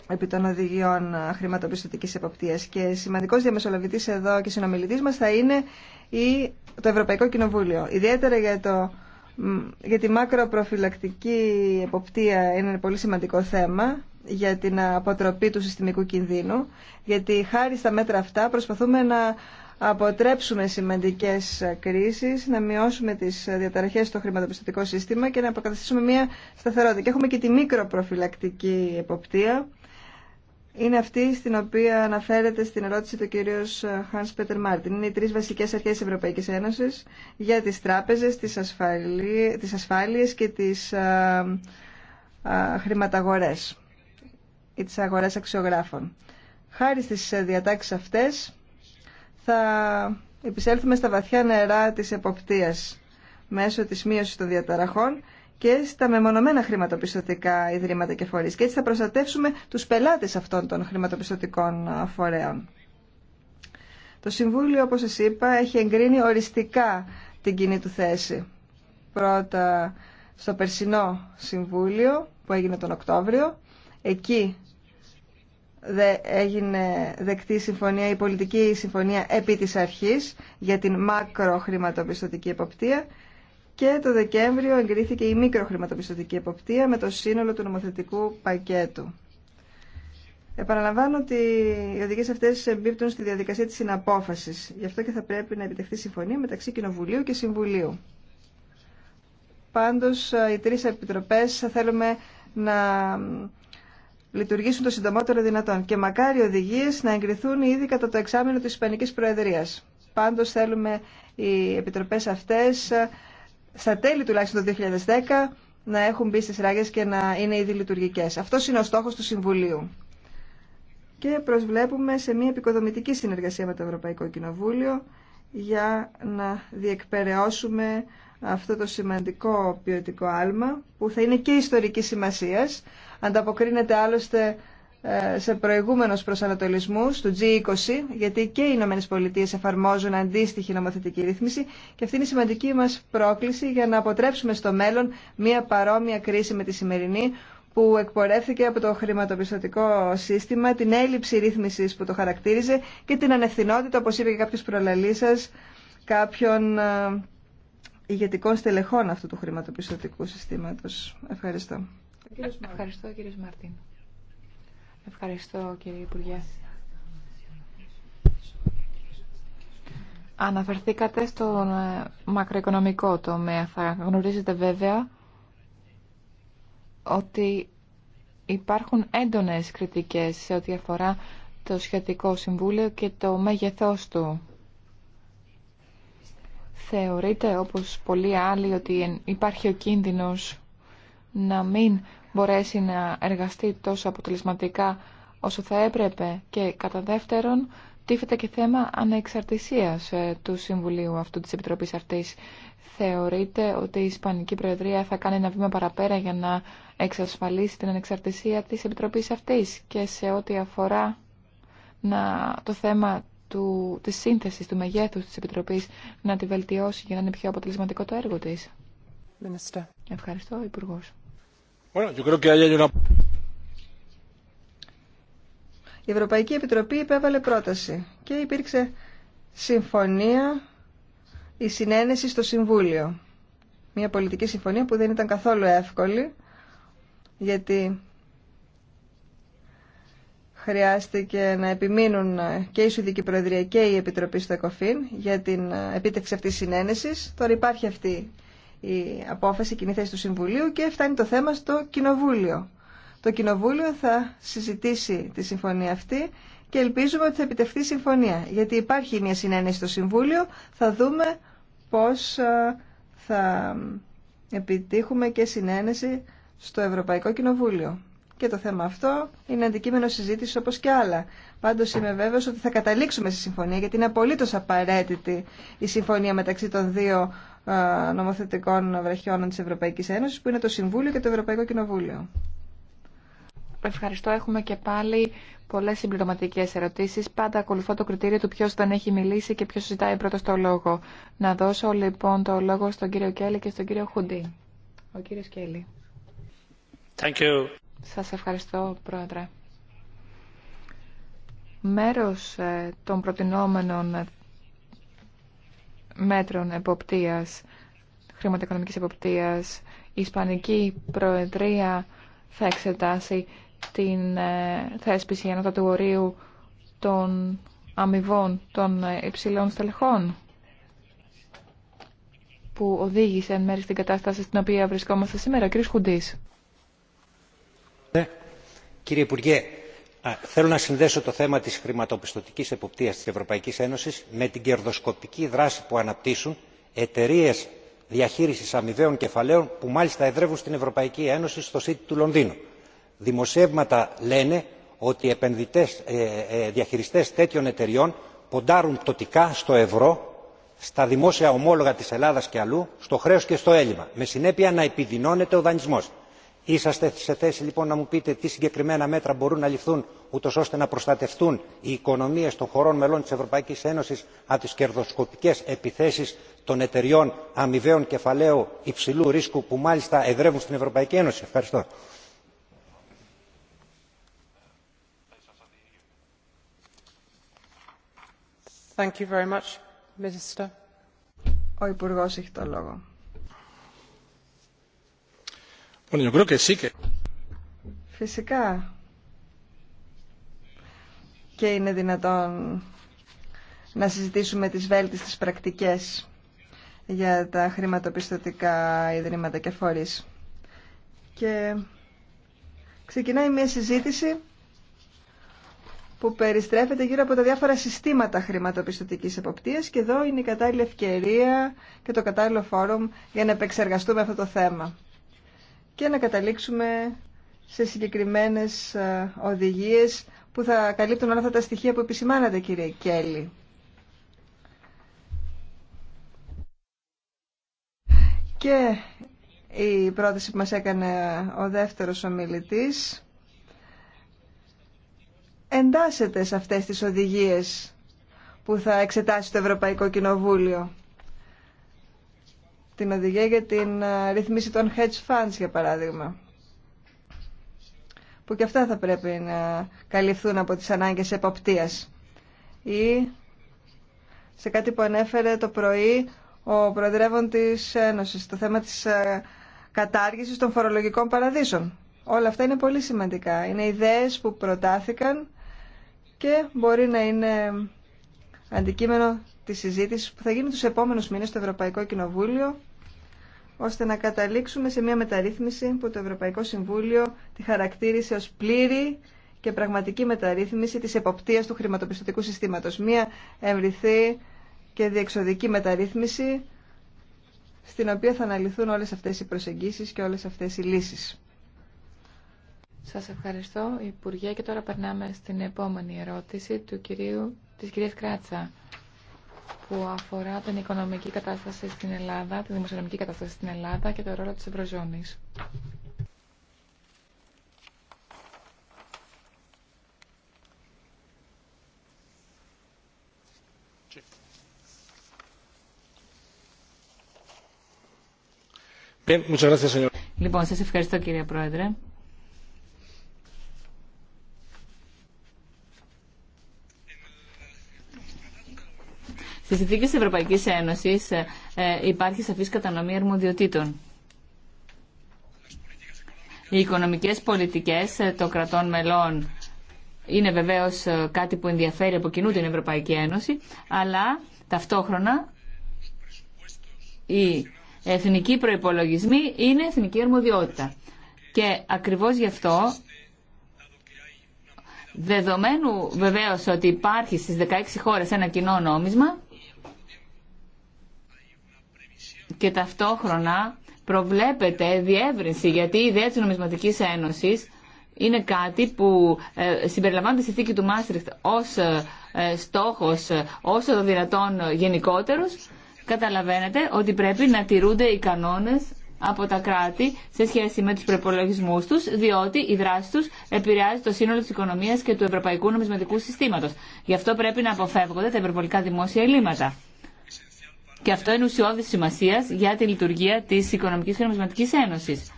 επί των οδηγιών χρηματοπιστωτικής εποπτείας και σημαντικός διαμεσολαβητής εδώ και συνομιλητή μας θα είναι το Ευρωπαϊκό Κοινοβούλιο. Ιδιαίτερα για το για τη μακροπροφυλακτική εποπτεία είναι ένα πολύ σημαντικό θέμα για την αποτροπή του συστημικού κινδύνου, γιατί χάρη στα μέτρα αυτά προσπαθούμε να αποτρέψουμε σημαντικές κρίσεις, να μειώσουμε τις διαταραχές στο χρηματοπιστωτικό σύστημα και να αποκαταστήσουμε μια σταθερότητα. Και έχουμε και τη μικροπροφυλακτική εποπτεία είναι αυτή στην οποία αναφέρεται στην ερώτηση του κυρίου ε, Hans Peter Martin. Είναι οι τρεις βασικές αρχές της Ευρωπαϊκής Ένωσης για τις τράπεζες, τις, ασφαλεί, ασφάλειες και τις α, ε, ε, χρηματαγορές ή τις αγορές αξιογράφων. Χάρη στις διατάξεις αυτές θα επισέλθουμε στα βαθιά νερά της εποπτείας μέσω της μείωσης των διαταραχών και στα μεμονωμένα χρηματοπιστωτικά ιδρύματα και φορείς. Και έτσι θα προστατεύσουμε τους πελάτες αυτών των χρηματοπιστωτικών φορέων. Το Συμβούλιο, όπως σας είπα, έχει εγκρίνει οριστικά την κοινή του θέση. Πρώτα στο περσινό Συμβούλιο που έγινε τον Οκτώβριο. Εκεί έγινε δεκτή η συμφωνία, η πολιτική συμφωνία επί της αρχής για την μακροχρηματοπιστωτική εποπτεία και το Δεκέμβριο εγκρίθηκε η μικροχρηματοπιστωτική εποπτεία με το σύνολο του νομοθετικού πακέτου. Επαναλαμβάνω ότι οι οδηγίε αυτέ εμπίπτουν στη διαδικασία τη συναπόφαση. Γι' αυτό και θα πρέπει να επιτευχθεί συμφωνία μεταξύ Κοινοβουλίου και Συμβουλίου. Πάντω, οι τρει επιτροπέ θέλουμε να λειτουργήσουν το συντομότερο δυνατόν και μακάρι οι οδηγίε να εγκριθούν ήδη κατά το εξάμεινο τη Ισπανική Προεδρία. Πάντω, θέλουμε οι επιτροπέ αυτέ στα τέλη τουλάχιστον το 2010 να έχουν μπει στι ράγες και να είναι ήδη λειτουργικέ. Αυτό είναι ο στόχο του Συμβουλίου. Και προσβλέπουμε σε μια επικοδομητική συνεργασία με το Ευρωπαϊκό Κοινοβούλιο για να διεκπαιρεώσουμε αυτό το σημαντικό ποιοτικό άλμα που θα είναι και ιστορική σημασίας. Ανταποκρίνεται άλλωστε ε, σε προηγούμενους προσανατολισμού του G20, γιατί και οι Ηνωμένε Πολιτείε εφαρμόζουν αντίστοιχη νομοθετική ρύθμιση και αυτή είναι η σημαντική μας πρόκληση για να αποτρέψουμε στο μέλλον μια παρόμοια κρίση με τη σημερινή που εκπορεύθηκε από το χρηματοπιστωτικό σύστημα, την έλλειψη ρύθμισης που το χαρακτήριζε και την ανευθυνότητα, όπως είπε και κάποιος προλαλή σας, κάποιων ε, ηγετικών στελεχών αυτού του χρηματοπιστωτικού συστήματος. Ευχαριστώ. Ευχαριστώ Ευχαριστώ κύριε Υπουργέ. Αναφερθήκατε στον ε, μακροοικονομικό τομέα. Θα γνωρίζετε βέβαια ότι υπάρχουν έντονες κριτικές σε ό,τι αφορά το σχετικό συμβούλιο και το μέγεθός του. Θεωρείτε, όπως πολλοί άλλοι, ότι υπάρχει ο κίνδυνος να μην μπορέσει να εργαστεί τόσο αποτελεσματικά όσο θα έπρεπε και κατά δεύτερον τίθεται και θέμα ανεξαρτησίας ε, του Συμβουλίου αυτού της Επιτροπής αυτής. Θεωρείτε ότι η Ισπανική Προεδρία θα κάνει ένα βήμα παραπέρα για να εξασφαλίσει την ανεξαρτησία της Επιτροπής αυτής και σε ό,τι αφορά να, το θέμα του, της σύνθεσης, του μεγέθους της Επιτροπής να τη βελτιώσει για να είναι πιο αποτελεσματικό το έργο της. Minister. Ευχαριστώ, Υπουργός. Η Ευρωπαϊκή Επιτροπή υπέβαλε πρόταση και υπήρξε συμφωνία, η συνένεση στο Συμβούλιο. Μια πολιτική συμφωνία που δεν ήταν καθόλου εύκολη, γιατί χρειάστηκε να επιμείνουν και η Σουηδική Προεδρία και η Επιτροπή στο ΕΚΟΦΗΝ για την επίτευξη αυτής της συνένεσης. Τώρα υπάρχει αυτή η απόφαση, η κοινή θέση του Συμβουλίου και φτάνει το θέμα στο Κοινοβούλιο. Το Κοινοβούλιο θα συζητήσει τη συμφωνία αυτή και ελπίζουμε ότι θα επιτευχθεί συμφωνία. Γιατί υπάρχει μια συνένεση στο Συμβούλιο, θα δούμε πώς ε, θα επιτύχουμε και συνένεση στο Ευρωπαϊκό Κοινοβούλιο. Και το θέμα αυτό είναι αντικείμενο συζήτηση όπω και άλλα. Πάντω είμαι βέβαιο ότι θα καταλήξουμε στη συμφωνία, γιατί είναι απολύτω απαραίτητη η συμφωνία μεταξύ των δύο νομοθετικών βραχιών της Ευρωπαϊκής Ένωσης που είναι το Συμβούλιο και το Ευρωπαϊκό Κοινοβούλιο. Ευχαριστώ. Έχουμε και πάλι πολλές συμπληρωματικές ερωτήσεις. Πάντα ακολουθώ το κριτήριο του ποιος δεν έχει μιλήσει και ποιος ζητάει πρώτο το λόγο. Να δώσω λοιπόν το λόγο στον κύριο Κέλλη και στον κύριο Χουντή. Ο κύριος Κέλλη. Σας ευχαριστώ, Πρόεδρε. Μέρος ε, των προτινόμενων μέτρων εποπτείας, χρηματοοικονομικής εποπτείας. Η Ισπανική Προεδρία θα εξετάσει την ε, θέσπιση ενότατου ορίου των αμοιβών των ε, υψηλών στελεχών που οδήγησε εν μέρει στην κατάσταση στην οποία βρισκόμαστε σήμερα. Κύριε Σχουντής. Ναι. Κύριε Υπουργέ, θέλω να συνδέσω το θέμα της χρηματοπιστωτικής εποπτείας της ευρωπαϊκής ένωσης με την κερδοσκοπική δράση που αναπτύσσουν εταιρείες διαχείρισης αμοιβαίων κεφαλαίων που μάλιστα εδρεύουν στην ευρωπαϊκή ένωση στο city του λονδίνου. δημοσιεύματα λένε ότι ε, ε, διαχειριστές τέτοιων εταιριών ποντάρουν πτωτικά στο ευρώ στα δημόσια ομόλογα της ελλάδας και αλλού στο χρέος και στο έλλειμμα με συνέπεια να επιδεινώνεται ο δανεισμός είσαστε σε θέση λοιπόν να μου πείτε τι συγκεκριμένα μέτρα μπορούν να ληφθούν ούτω ώστε να προστατευτούν οι οικονομίε των χωρών μελών της ευρωπαϊκής Ένωση από τι κερδοσκοπικέ επιθέσεις των εταιριών αμοιβαίων κεφαλαίου υψηλού ρίσκου που μάλιστα εδρεύουν στην ευρωπαϊκή ένωση. ευχαριστώ. Thank you very much, Minister. Ο Υπουργός έχει λόγο. Bueno, yo creo que sí que... Φυσικά. Και είναι δυνατόν να συζητήσουμε τις βέλτιστες πρακτικές για τα χρηματοπιστωτικά ιδρύματα και φορείς. Και ξεκινάει μια συζήτηση που περιστρέφεται γύρω από τα διάφορα συστήματα χρηματοπιστωτικής εποπτείας και εδώ είναι η κατάλληλη ευκαιρία και το κατάλληλο φόρουμ για να επεξεργαστούμε αυτό το θέμα και να καταλήξουμε σε συγκεκριμένες ε, οδηγίες που θα καλύπτουν όλα αυτά τα στοιχεία που επισημάνατε κύριε Κέλλη. Και η πρόταση που μας έκανε ο δεύτερος ομιλητής εντάσσεται σε αυτές τις οδηγίες που θα εξετάσει το Ευρωπαϊκό Κοινοβούλιο την οδηγία για την ε, ρυθμίση των hedge funds, για παράδειγμα, που και αυτά θα πρέπει να καλυφθούν από τις ανάγκες εποπτείας. Ή σε κάτι που ανέφερε το πρωί ο Προεδρεύων της Ένωσης, το θέμα της ε, κατάργησης των φορολογικών παραδείσων. Όλα αυτά είναι πολύ σημαντικά. Είναι ιδέες που προτάθηκαν και μπορεί να είναι αντικείμενο της συζήτησης που θα γίνει τους επόμενους μήνες στο Ευρωπαϊκό Κοινοβούλιο ώστε να καταλήξουμε σε μια μεταρρύθμιση που το Ευρωπαϊκό Συμβούλιο τη χαρακτήρισε ως πλήρη και πραγματική μεταρρύθμιση της εποπτείας του χρηματοπιστωτικού συστήματος. Μια ευρυθή και διεξοδική μεταρρύθμιση στην οποία θα αναλυθούν όλες αυτές οι προσεγγίσεις και όλες αυτές οι λύσεις. Σας ευχαριστώ, Υπουργέ, και τώρα περνάμε στην επόμενη ερώτηση του κυρίου, της κυρίας Κράτσα που αφορά την οικονομική κατάσταση στην Ελλάδα, τη δημοσιονομική κατάσταση στην Ελλάδα και το ρόλο της Ευρωζώνης. Λοιπόν, σας ευχαριστώ κύριε Πρόεδρε. Στις συνθήκες της Ευρωπαϊκής Ένωσης ε, ε, υπάρχει σαφής κατανομή αρμοδιοτήτων. Οι οικονομικές πολιτικές ε, των κρατών μελών είναι βεβαίως κάτι που ενδιαφέρει από κοινού την Ευρωπαϊκή Ένωση, αλλά ταυτόχρονα οι εθνικοί προπολογισμοί είναι εθνική αρμοδιότητα. Και ακριβώς γι' αυτό, δεδομένου βεβαίως ότι υπάρχει στις 16 χώρες ένα κοινό νόμισμα, και ταυτόχρονα προβλέπεται διεύρυνση γιατί η ιδέα της νομισματικής ένωσης είναι κάτι που ε, συμπεριλαμβάνεται στη θήκη του Μάστριχτ ως ε, ε, στόχος όσο το δυνατόν γενικότερος καταλαβαίνετε ότι πρέπει να τηρούνται οι κανόνες από τα κράτη σε σχέση με τους προπολογισμού τους, διότι η δράση τους επηρεάζει το σύνολο της οικονομίας και του ευρωπαϊκού νομισματικού συστήματος. Γι' αυτό πρέπει να αποφεύγονται τα υπερβολικά δημόσια ελλείμματα. Και αυτό είναι ουσιώδης σημασία για τη λειτουργία της Οικονομικής και Νομισματικής Ένωσης.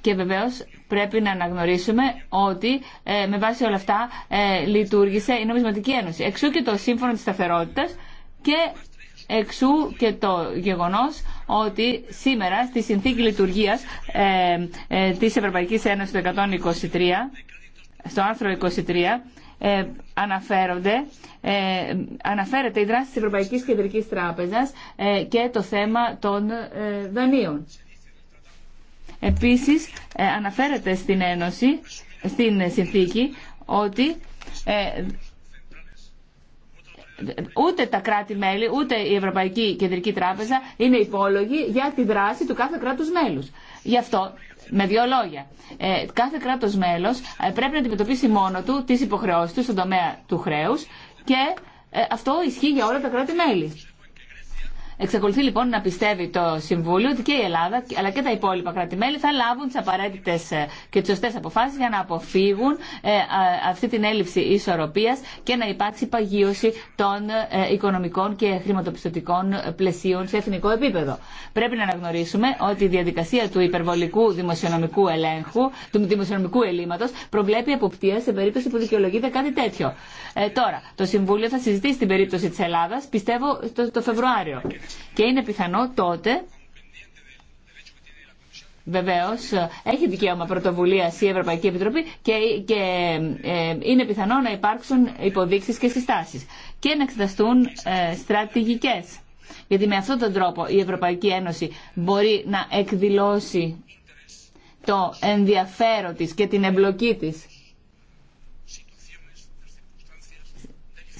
Και βεβαίω πρέπει να αναγνωρίσουμε ότι ε, με βάση όλα αυτά ε, λειτουργήσε η Νομισματική Ένωση. Εξού και το Σύμφωνο της σταθερότητα, και εξού και το γεγονός ότι σήμερα στη συνθήκη λειτουργίας ε, ε της Ευρωπαϊκής Ένωσης 123, στο άρθρο 23, ε, αναφέρονται, ε, αναφέρεται η δράση της Ευρωπαϊκής Κεντρικής Τράπεζας ε, και το θέμα των δανείων. Επίσης, αναφέρεται στην Ένωση, στην συνθήκη, ότι ούτε τα κράτη-μέλη, ούτε η Ευρωπαϊκή Κεντρική Τράπεζα είναι υπόλογοι για τη δράση του κάθε κράτους μέλους. Γι' αυτό με δύο λόγια. Ε, κάθε κράτο μέλο ε, πρέπει να αντιμετωπίσει μόνο του τι υποχρεώσει του στον τομέα του χρέου και ε, αυτό ισχύει για όλα τα κράτη-μέλη. Εξακολουθεί λοιπόν να πιστεύει το Συμβούλιο ότι και η Ελλάδα αλλά και τα υπόλοιπα θα λάβουν τι απαραίτητε ε, και τι σωστέ αποφάσει για να αποφύγουν ε, αυτή την έλλειψη ισορροπία και να υπάρξει παγίωση των ε, οικονομικών και χρηματοπιστωτικών πλαισίων σε εθνικό επίπεδο. Πρέπει να αναγνωρίσουμε ότι η διαδικασία του υπερβολικού δημοσιονομικού ελέγχου, του δημοσιονομικού ελλείμματο, προβλέπει εποπτεία σε περίπτωση που δικαιολογείται κάτι τέτοιο. τώρα, το Συμβούλιο θα συζητήσει την περίπτωση τη Ελλάδα, πιστεύω, το Φεβρουάριο. Και είναι πιθανό τότε Βεβαίω, έχει δικαίωμα πρωτοβουλία η Ευρωπαϊκή Επιτροπή και, και ε, είναι πιθανό να υπάρξουν υποδείξει και συστάσει και να εξεταστούν ε, στρατηγικέ. Γιατί με αυτόν τον τρόπο η Ευρωπαϊκή Ένωση μπορεί να εκδηλώσει το ενδιαφέρον της και την εμπλοκή της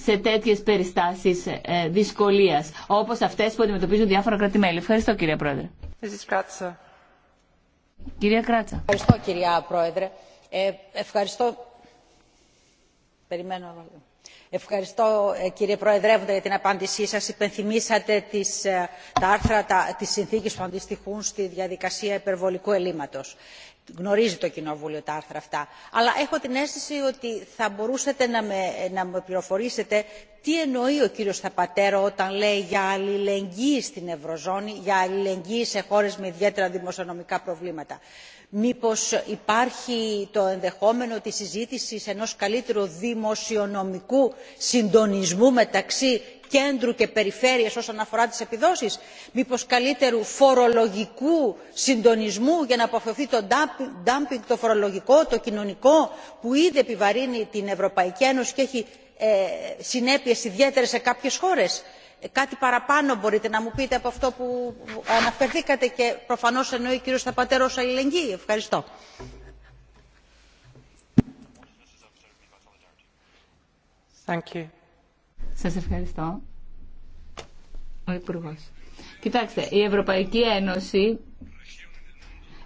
σε τέτοιες περιστάσεις ε, δυσκολίας, όπως αυτές που αντιμετωπίζουν διάφορα κράτη-μέλη. Ευχαριστώ κύριε Πρόεδρε. Κυρία Κράτσα. Ευχαριστώ κυρία Πρόεδρε. Ε, ευχαριστώ... Περιμένω Ευχαριστώ ε, κύριε Προεδρεύοντα για την απάντησή σας. Υπενθυμίσατε τις, τα άρθρα τη της συνθήκης που αντιστοιχούν στη διαδικασία υπερβολικού ελλείμματος γνωρίζει το κοινοβούλιο τα άρθρα αυτά αλλά έχω την αίσθηση ότι θα μπορούσατε να με, πληροφορήσετε τι εννοεί ο κύριος Θαπατέρο όταν λέει για αλληλεγγύη στην Ευρωζώνη, για αλληλεγγύη σε χώρες με ιδιαίτερα δημοσιονομικά προβλήματα. Μήπως υπάρχει το ενδεχόμενο της συζήτησης ενός καλύτερου δημοσιονομικού συντονισμού μεταξύ κέντρου και περιφέρειας όσον αφορά τις επιδόσεις μήπως καλύτερου φορολογικού συντονισμού για να αποφευθεί το dumping το φορολογικό το κοινωνικό που ήδη επιβαρύνει την ευρωπαϊκή ένωση και έχει ε, συνέπειες ιδιαίτερες σε κάποιες χώρες. Ε, κάτι παραπάνω μπορείτε να μου πείτε από αυτό που αναφερθήκατε και προφανώς εννοεί ο κύριος θαπατέρο αλληλεγγύη. ευχαριστώ. Σα ευχαριστώ. Ο Υπουργό. Κοιτάξτε, η Ευρωπαϊκή Ένωση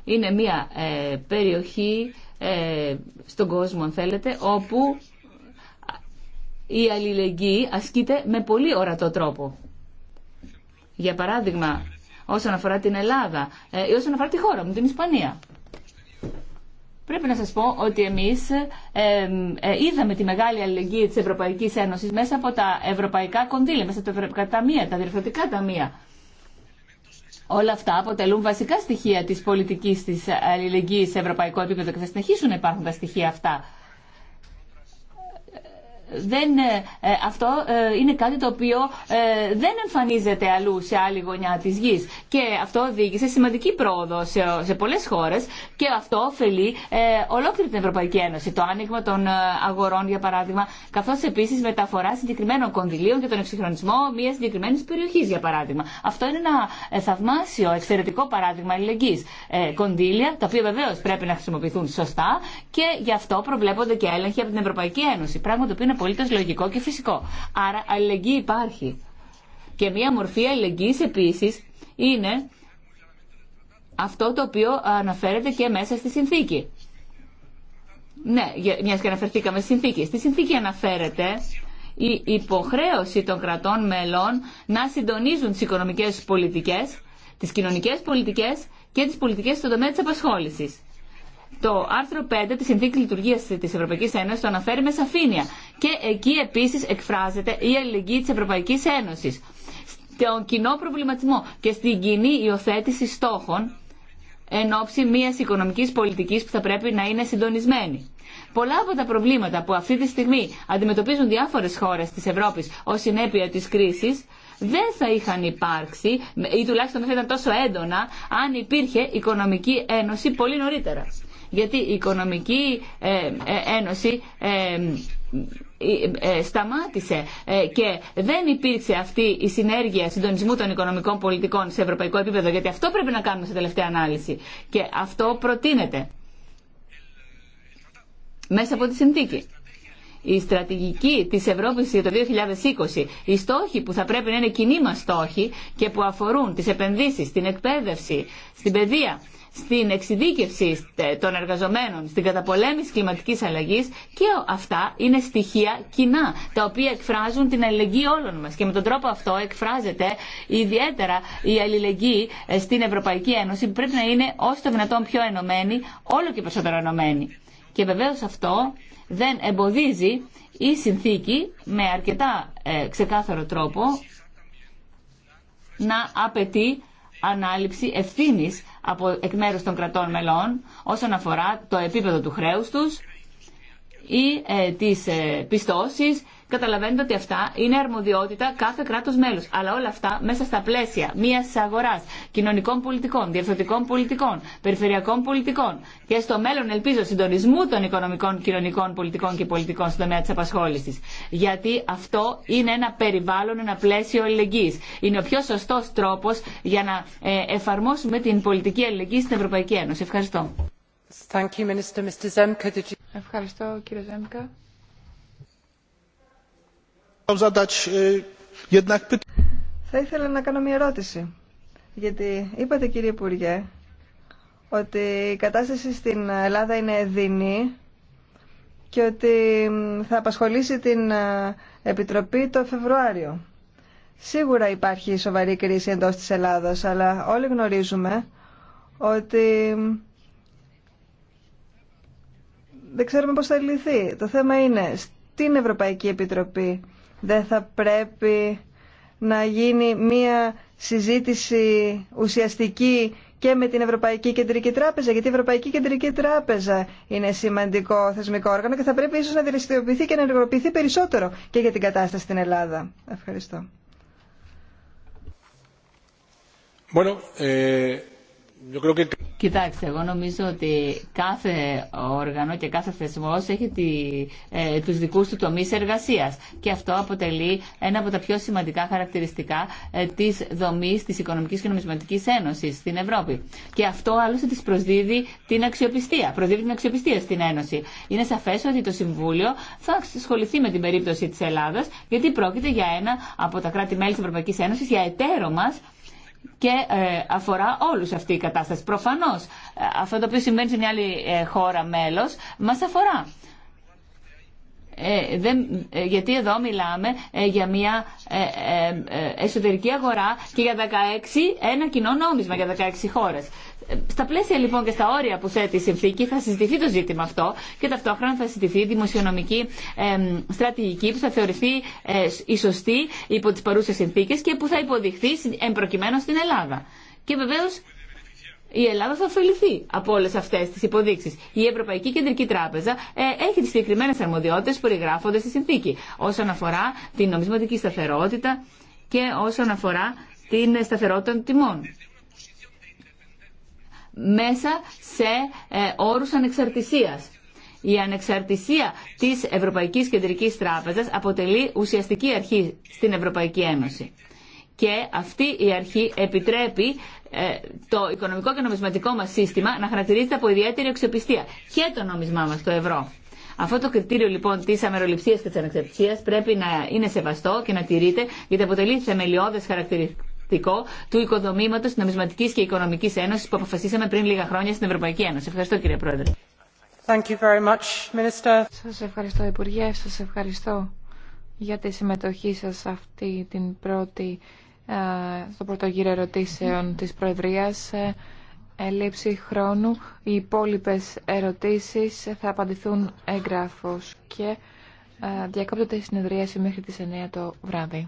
είναι μια ε, περιοχή ε, στον κόσμο, αν θέλετε, όπου η αλληλεγγύη ασκείται με πολύ ορατό τρόπο. Για παράδειγμα, όσον αφορά την Ελλάδα ε, ή όσον αφορά τη χώρα μου, την Ισπανία. Πρέπει να σας πω ότι εμείς ε, είδαμε τη μεγάλη αλληλεγγύη της Ευρωπαϊκής Ένωσης μέσα από τα ευρωπαϊκά κονδύλια, μέσα από τα ευρωπαϊκά ταμεία, τα διευθυντικά ταμεία. Όλα αυτά αποτελούν βασικά στοιχεία της πολιτικής της αλληλεγγύης σε ευρωπαϊκό επίπεδο και θα συνεχίσουν να υπάρχουν τα στοιχεία αυτά δεν, ε, ε, αυτό ε, είναι κάτι το οποίο δεν εμφανίζεται αλλού σε άλλη γωνιά της γης. Και αυτό οδήγησε σημαντική πρόοδο σε, σε πολλές χώρες και αυτό ωφελεί ολόκληρη την Ευρωπαϊκή Ένωση. Το άνοιγμα των αγορών, για παράδειγμα, καθώς επίσης μεταφορά συγκεκριμένων κονδυλίων και τον εξυγχρονισμό μια συγκεκριμένη περιοχή, για παράδειγμα. Αυτό είναι ένα θαυμάσιο, εξαιρετικό παράδειγμα αλληλεγγύη. κονδύλια, τα οποία βεβαίω πρέπει να χρησιμοποιηθούν σωστά και γι' αυτό προβλέπονται και έλεγχοι από την Ευρωπαϊκή Ένωση. Πράγμα το οποίο απολύτω λογικό και φυσικό. Άρα αλληλεγγύη υπάρχει. Και μία μορφή αλληλεγγύη επίση είναι αυτό το οποίο αναφέρεται και μέσα στη συνθήκη. Ναι, μια και αναφερθήκαμε στη συνθήκη. Στη συνθήκη αναφέρεται η υποχρέωση των κρατών μελών να συντονίζουν τις οικονομικές πολιτικές, τις κοινωνικές πολιτικές και τι πολιτικέ στον τομέα τη απασχόληση το άρθρο 5 της Συνθήκης Λειτουργίας της Ευρωπαϊκής Ένωσης το αναφέρει με σαφήνεια και εκεί επίσης εκφράζεται η αλληλεγγύη της Ευρωπαϊκή Ένωση, στον κοινό προβληματισμό και στην κοινή υιοθέτηση στόχων εν ώψη μιας οικονομικής πολιτικής που θα πρέπει να είναι συντονισμένη. Πολλά από τα προβλήματα που αυτή τη στιγμή αντιμετωπίζουν διάφορες χώρες της Ευρώπης ως συνέπεια της κρίσης δεν θα είχαν υπάρξει ή τουλάχιστον δεν θα ήταν τόσο έντονα αν υπήρχε οικονομική ένωση πολύ νωρίτερα γιατί η Οικονομική ε, ε, Ένωση ε, σταμάτησε και δεν υπήρξε αυτή η συνέργεια συντονισμού των οικονομικών πολιτικών σε ευρωπαϊκό επίπεδο, γιατί αυτό πρέπει να κάνουμε σε τελευταία ανάλυση. Και αυτό προτείνεται μέσα από τη συνθήκη η στρατηγική της Ευρώπης για το 2020, οι στόχοι που θα πρέπει να είναι κοινοί μας στόχοι και που αφορούν τις επενδύσεις, την εκπαίδευση, στην παιδεία, στην εξειδίκευση των εργαζομένων, στην καταπολέμηση κλιματικής αλλαγής και αυτά είναι στοιχεία κοινά, τα οποία εκφράζουν την αλληλεγγύη όλων μας και με τον τρόπο αυτό εκφράζεται ιδιαίτερα η αλληλεγγύη ε, στην Ευρωπαϊκή Ένωση που πρέπει να είναι όσο το δυνατόν πιο ενωμένη, όλο και περισσότερο ενωμένη. Και βεβαίως αυτό δεν εμποδίζει η συνθήκη με αρκετά ε, ξεκάθαρο τρόπο να απαιτεί ανάληψη ευθύνης από εκ μέρους των κρατών μελών όσον αφορά το επίπεδο του χρέους τους ή ε, τι ε, καταλαβαίνετε ότι αυτά είναι αρμοδιότητα κάθε κράτο μέλους. Αλλά όλα αυτά μέσα στα πλαίσια μια αγορά κοινωνικών πολιτικών, διευθυντικών πολιτικών, περιφερειακών πολιτικών και στο μέλλον ελπίζω συντονισμού των οικονομικών, κοινωνικών πολιτικών και πολιτικών στον τομέα τη απασχόλησης. Γιατί αυτό είναι ένα περιβάλλον, ένα πλαίσιο ελληνική. Είναι ο πιο σωστό τρόπο για να ε, εφαρμόσουμε την πολιτική αλληλεγγύη στην Ευρωπαϊκή Ένωση. Ευχαριστώ. Ευχαριστώ, κύριε e, Θα ήθελα να κάνω μια ερώτηση. Γιατί είπατε, κύριε Υπουργέ, ότι η κατάσταση στην Ελλάδα είναι δεινή και ότι θα απασχολήσει την ε, Επιτροπή το Φεβρουάριο. Σίγουρα υπάρχει σοβαρή κρίση εντός της Ελλάδας, αλλά όλοι γνωρίζουμε ότι δεν ξέρουμε πώς θα λυθεί. Το θέμα είναι στην Ευρωπαϊκή Επιτροπή δεν θα πρέπει να γίνει μία συζήτηση ουσιαστική και με την Ευρωπαϊκή Κεντρική Τράπεζα, γιατί η Ευρωπαϊκή Κεντρική Τράπεζα είναι σημαντικό θεσμικό όργανο και θα πρέπει ίσως να δραστηριοποιηθεί και να ενεργοποιηθεί περισσότερο και για την κατάσταση στην Ελλάδα. Ευχαριστώ. Bueno, eh, Κοιτάξτε, εγώ νομίζω ότι κάθε όργανο και κάθε θεσμός έχει τη, ε, τους δικούς του τομείς εργασίας και αυτό αποτελεί ένα από τα πιο σημαντικά χαρακτηριστικά ε, της δομής της Οικονομικής και Νομισματικής Ένωσης στην Ευρώπη. Και αυτό άλλωστε της προσδίδει την αξιοπιστία, προσδίδει την αξιοπιστία στην Ένωση. Είναι σαφές ότι το Συμβούλιο θα ασχοληθεί με την περίπτωση της Ελλάδας γιατί πρόκειται για ένα από τα κράτη-μέλη της Ευρωπαϊκής Ένωσης, για εταίρο μας, και ε, αφορά όλους αυτή η κατάσταση. Προφανώς ε, αυτό το οποίο συμβαίνει σε μια άλλη ε, χώρα μέλος μας αφορά. Ε, γιατί εδώ μιλάμε για μια ε, εσωτερική αγορά και για 16 ένα κοινό νόμισμα για 16 χώρες. Στα πλαίσια λοιπόν και στα όρια που θέτει η συνθήκη θα συζητηθεί το ζήτημα αυτό και ταυτόχρονα θα συζητηθεί η δημοσιονομική στρατηγική που θα θεωρηθεί ε, η σωστή υπό τις παρούσες συνθήκες και που θα υποδειχθεί εμπροκειμένω στην Ελλάδα. Και βεβαίως η Ελλάδα θα ωφεληθεί από όλες αυτές τις υποδείξεις. Η Ευρωπαϊκή Κεντρική Τράπεζα ε, έχει τις συγκεκριμένε αρμοδιότητες που περιγράφονται στη συνθήκη όσον αφορά την νομισματική σταθερότητα και όσον αφορά την σταθερότητα των τιμών μέσα σε ε, όρους ανεξαρτησίας. Η ανεξαρτησία της Ευρωπαϊκής Κεντρικής Τράπεζας αποτελεί ουσιαστική αρχή στην Ευρωπαϊκή Ένωση. Και αυτή η αρχή επιτρέπει ε, το οικονομικό και νομισματικό μας σύστημα να χαρακτηρίζεται από ιδιαίτερη αξιοπιστία και το νόμισμά μας, το ευρώ. Αυτό το κριτήριο λοιπόν τη αμεροληψία και τη ανεξαρτησία πρέπει να είναι σεβαστό και να τηρείται γιατί αποτελεί θεμελιώδες χαρακτηριστικό του οικοδομήματο νομισματική και οικονομική ένωση που αποφασίσαμε πριν λίγα χρόνια στην Ευρωπαϊκή Ένωση. Ευχαριστώ κύριε Πρόεδρε. Thank Σας ευχαριστώ Υπουργέ, σας ευχαριστώ για τη συμμετοχή σας αυτή την πρώτη, ε, στο πρώτο γύρο ερωτήσεων της Προεδρίας. Ε, Ελήψη χρόνου, οι υπόλοιπε ερωτήσεις θα απαντηθούν εγγράφως και ε, διακόπτονται η συνεδρίαση μέχρι τις 9 το βράδυ.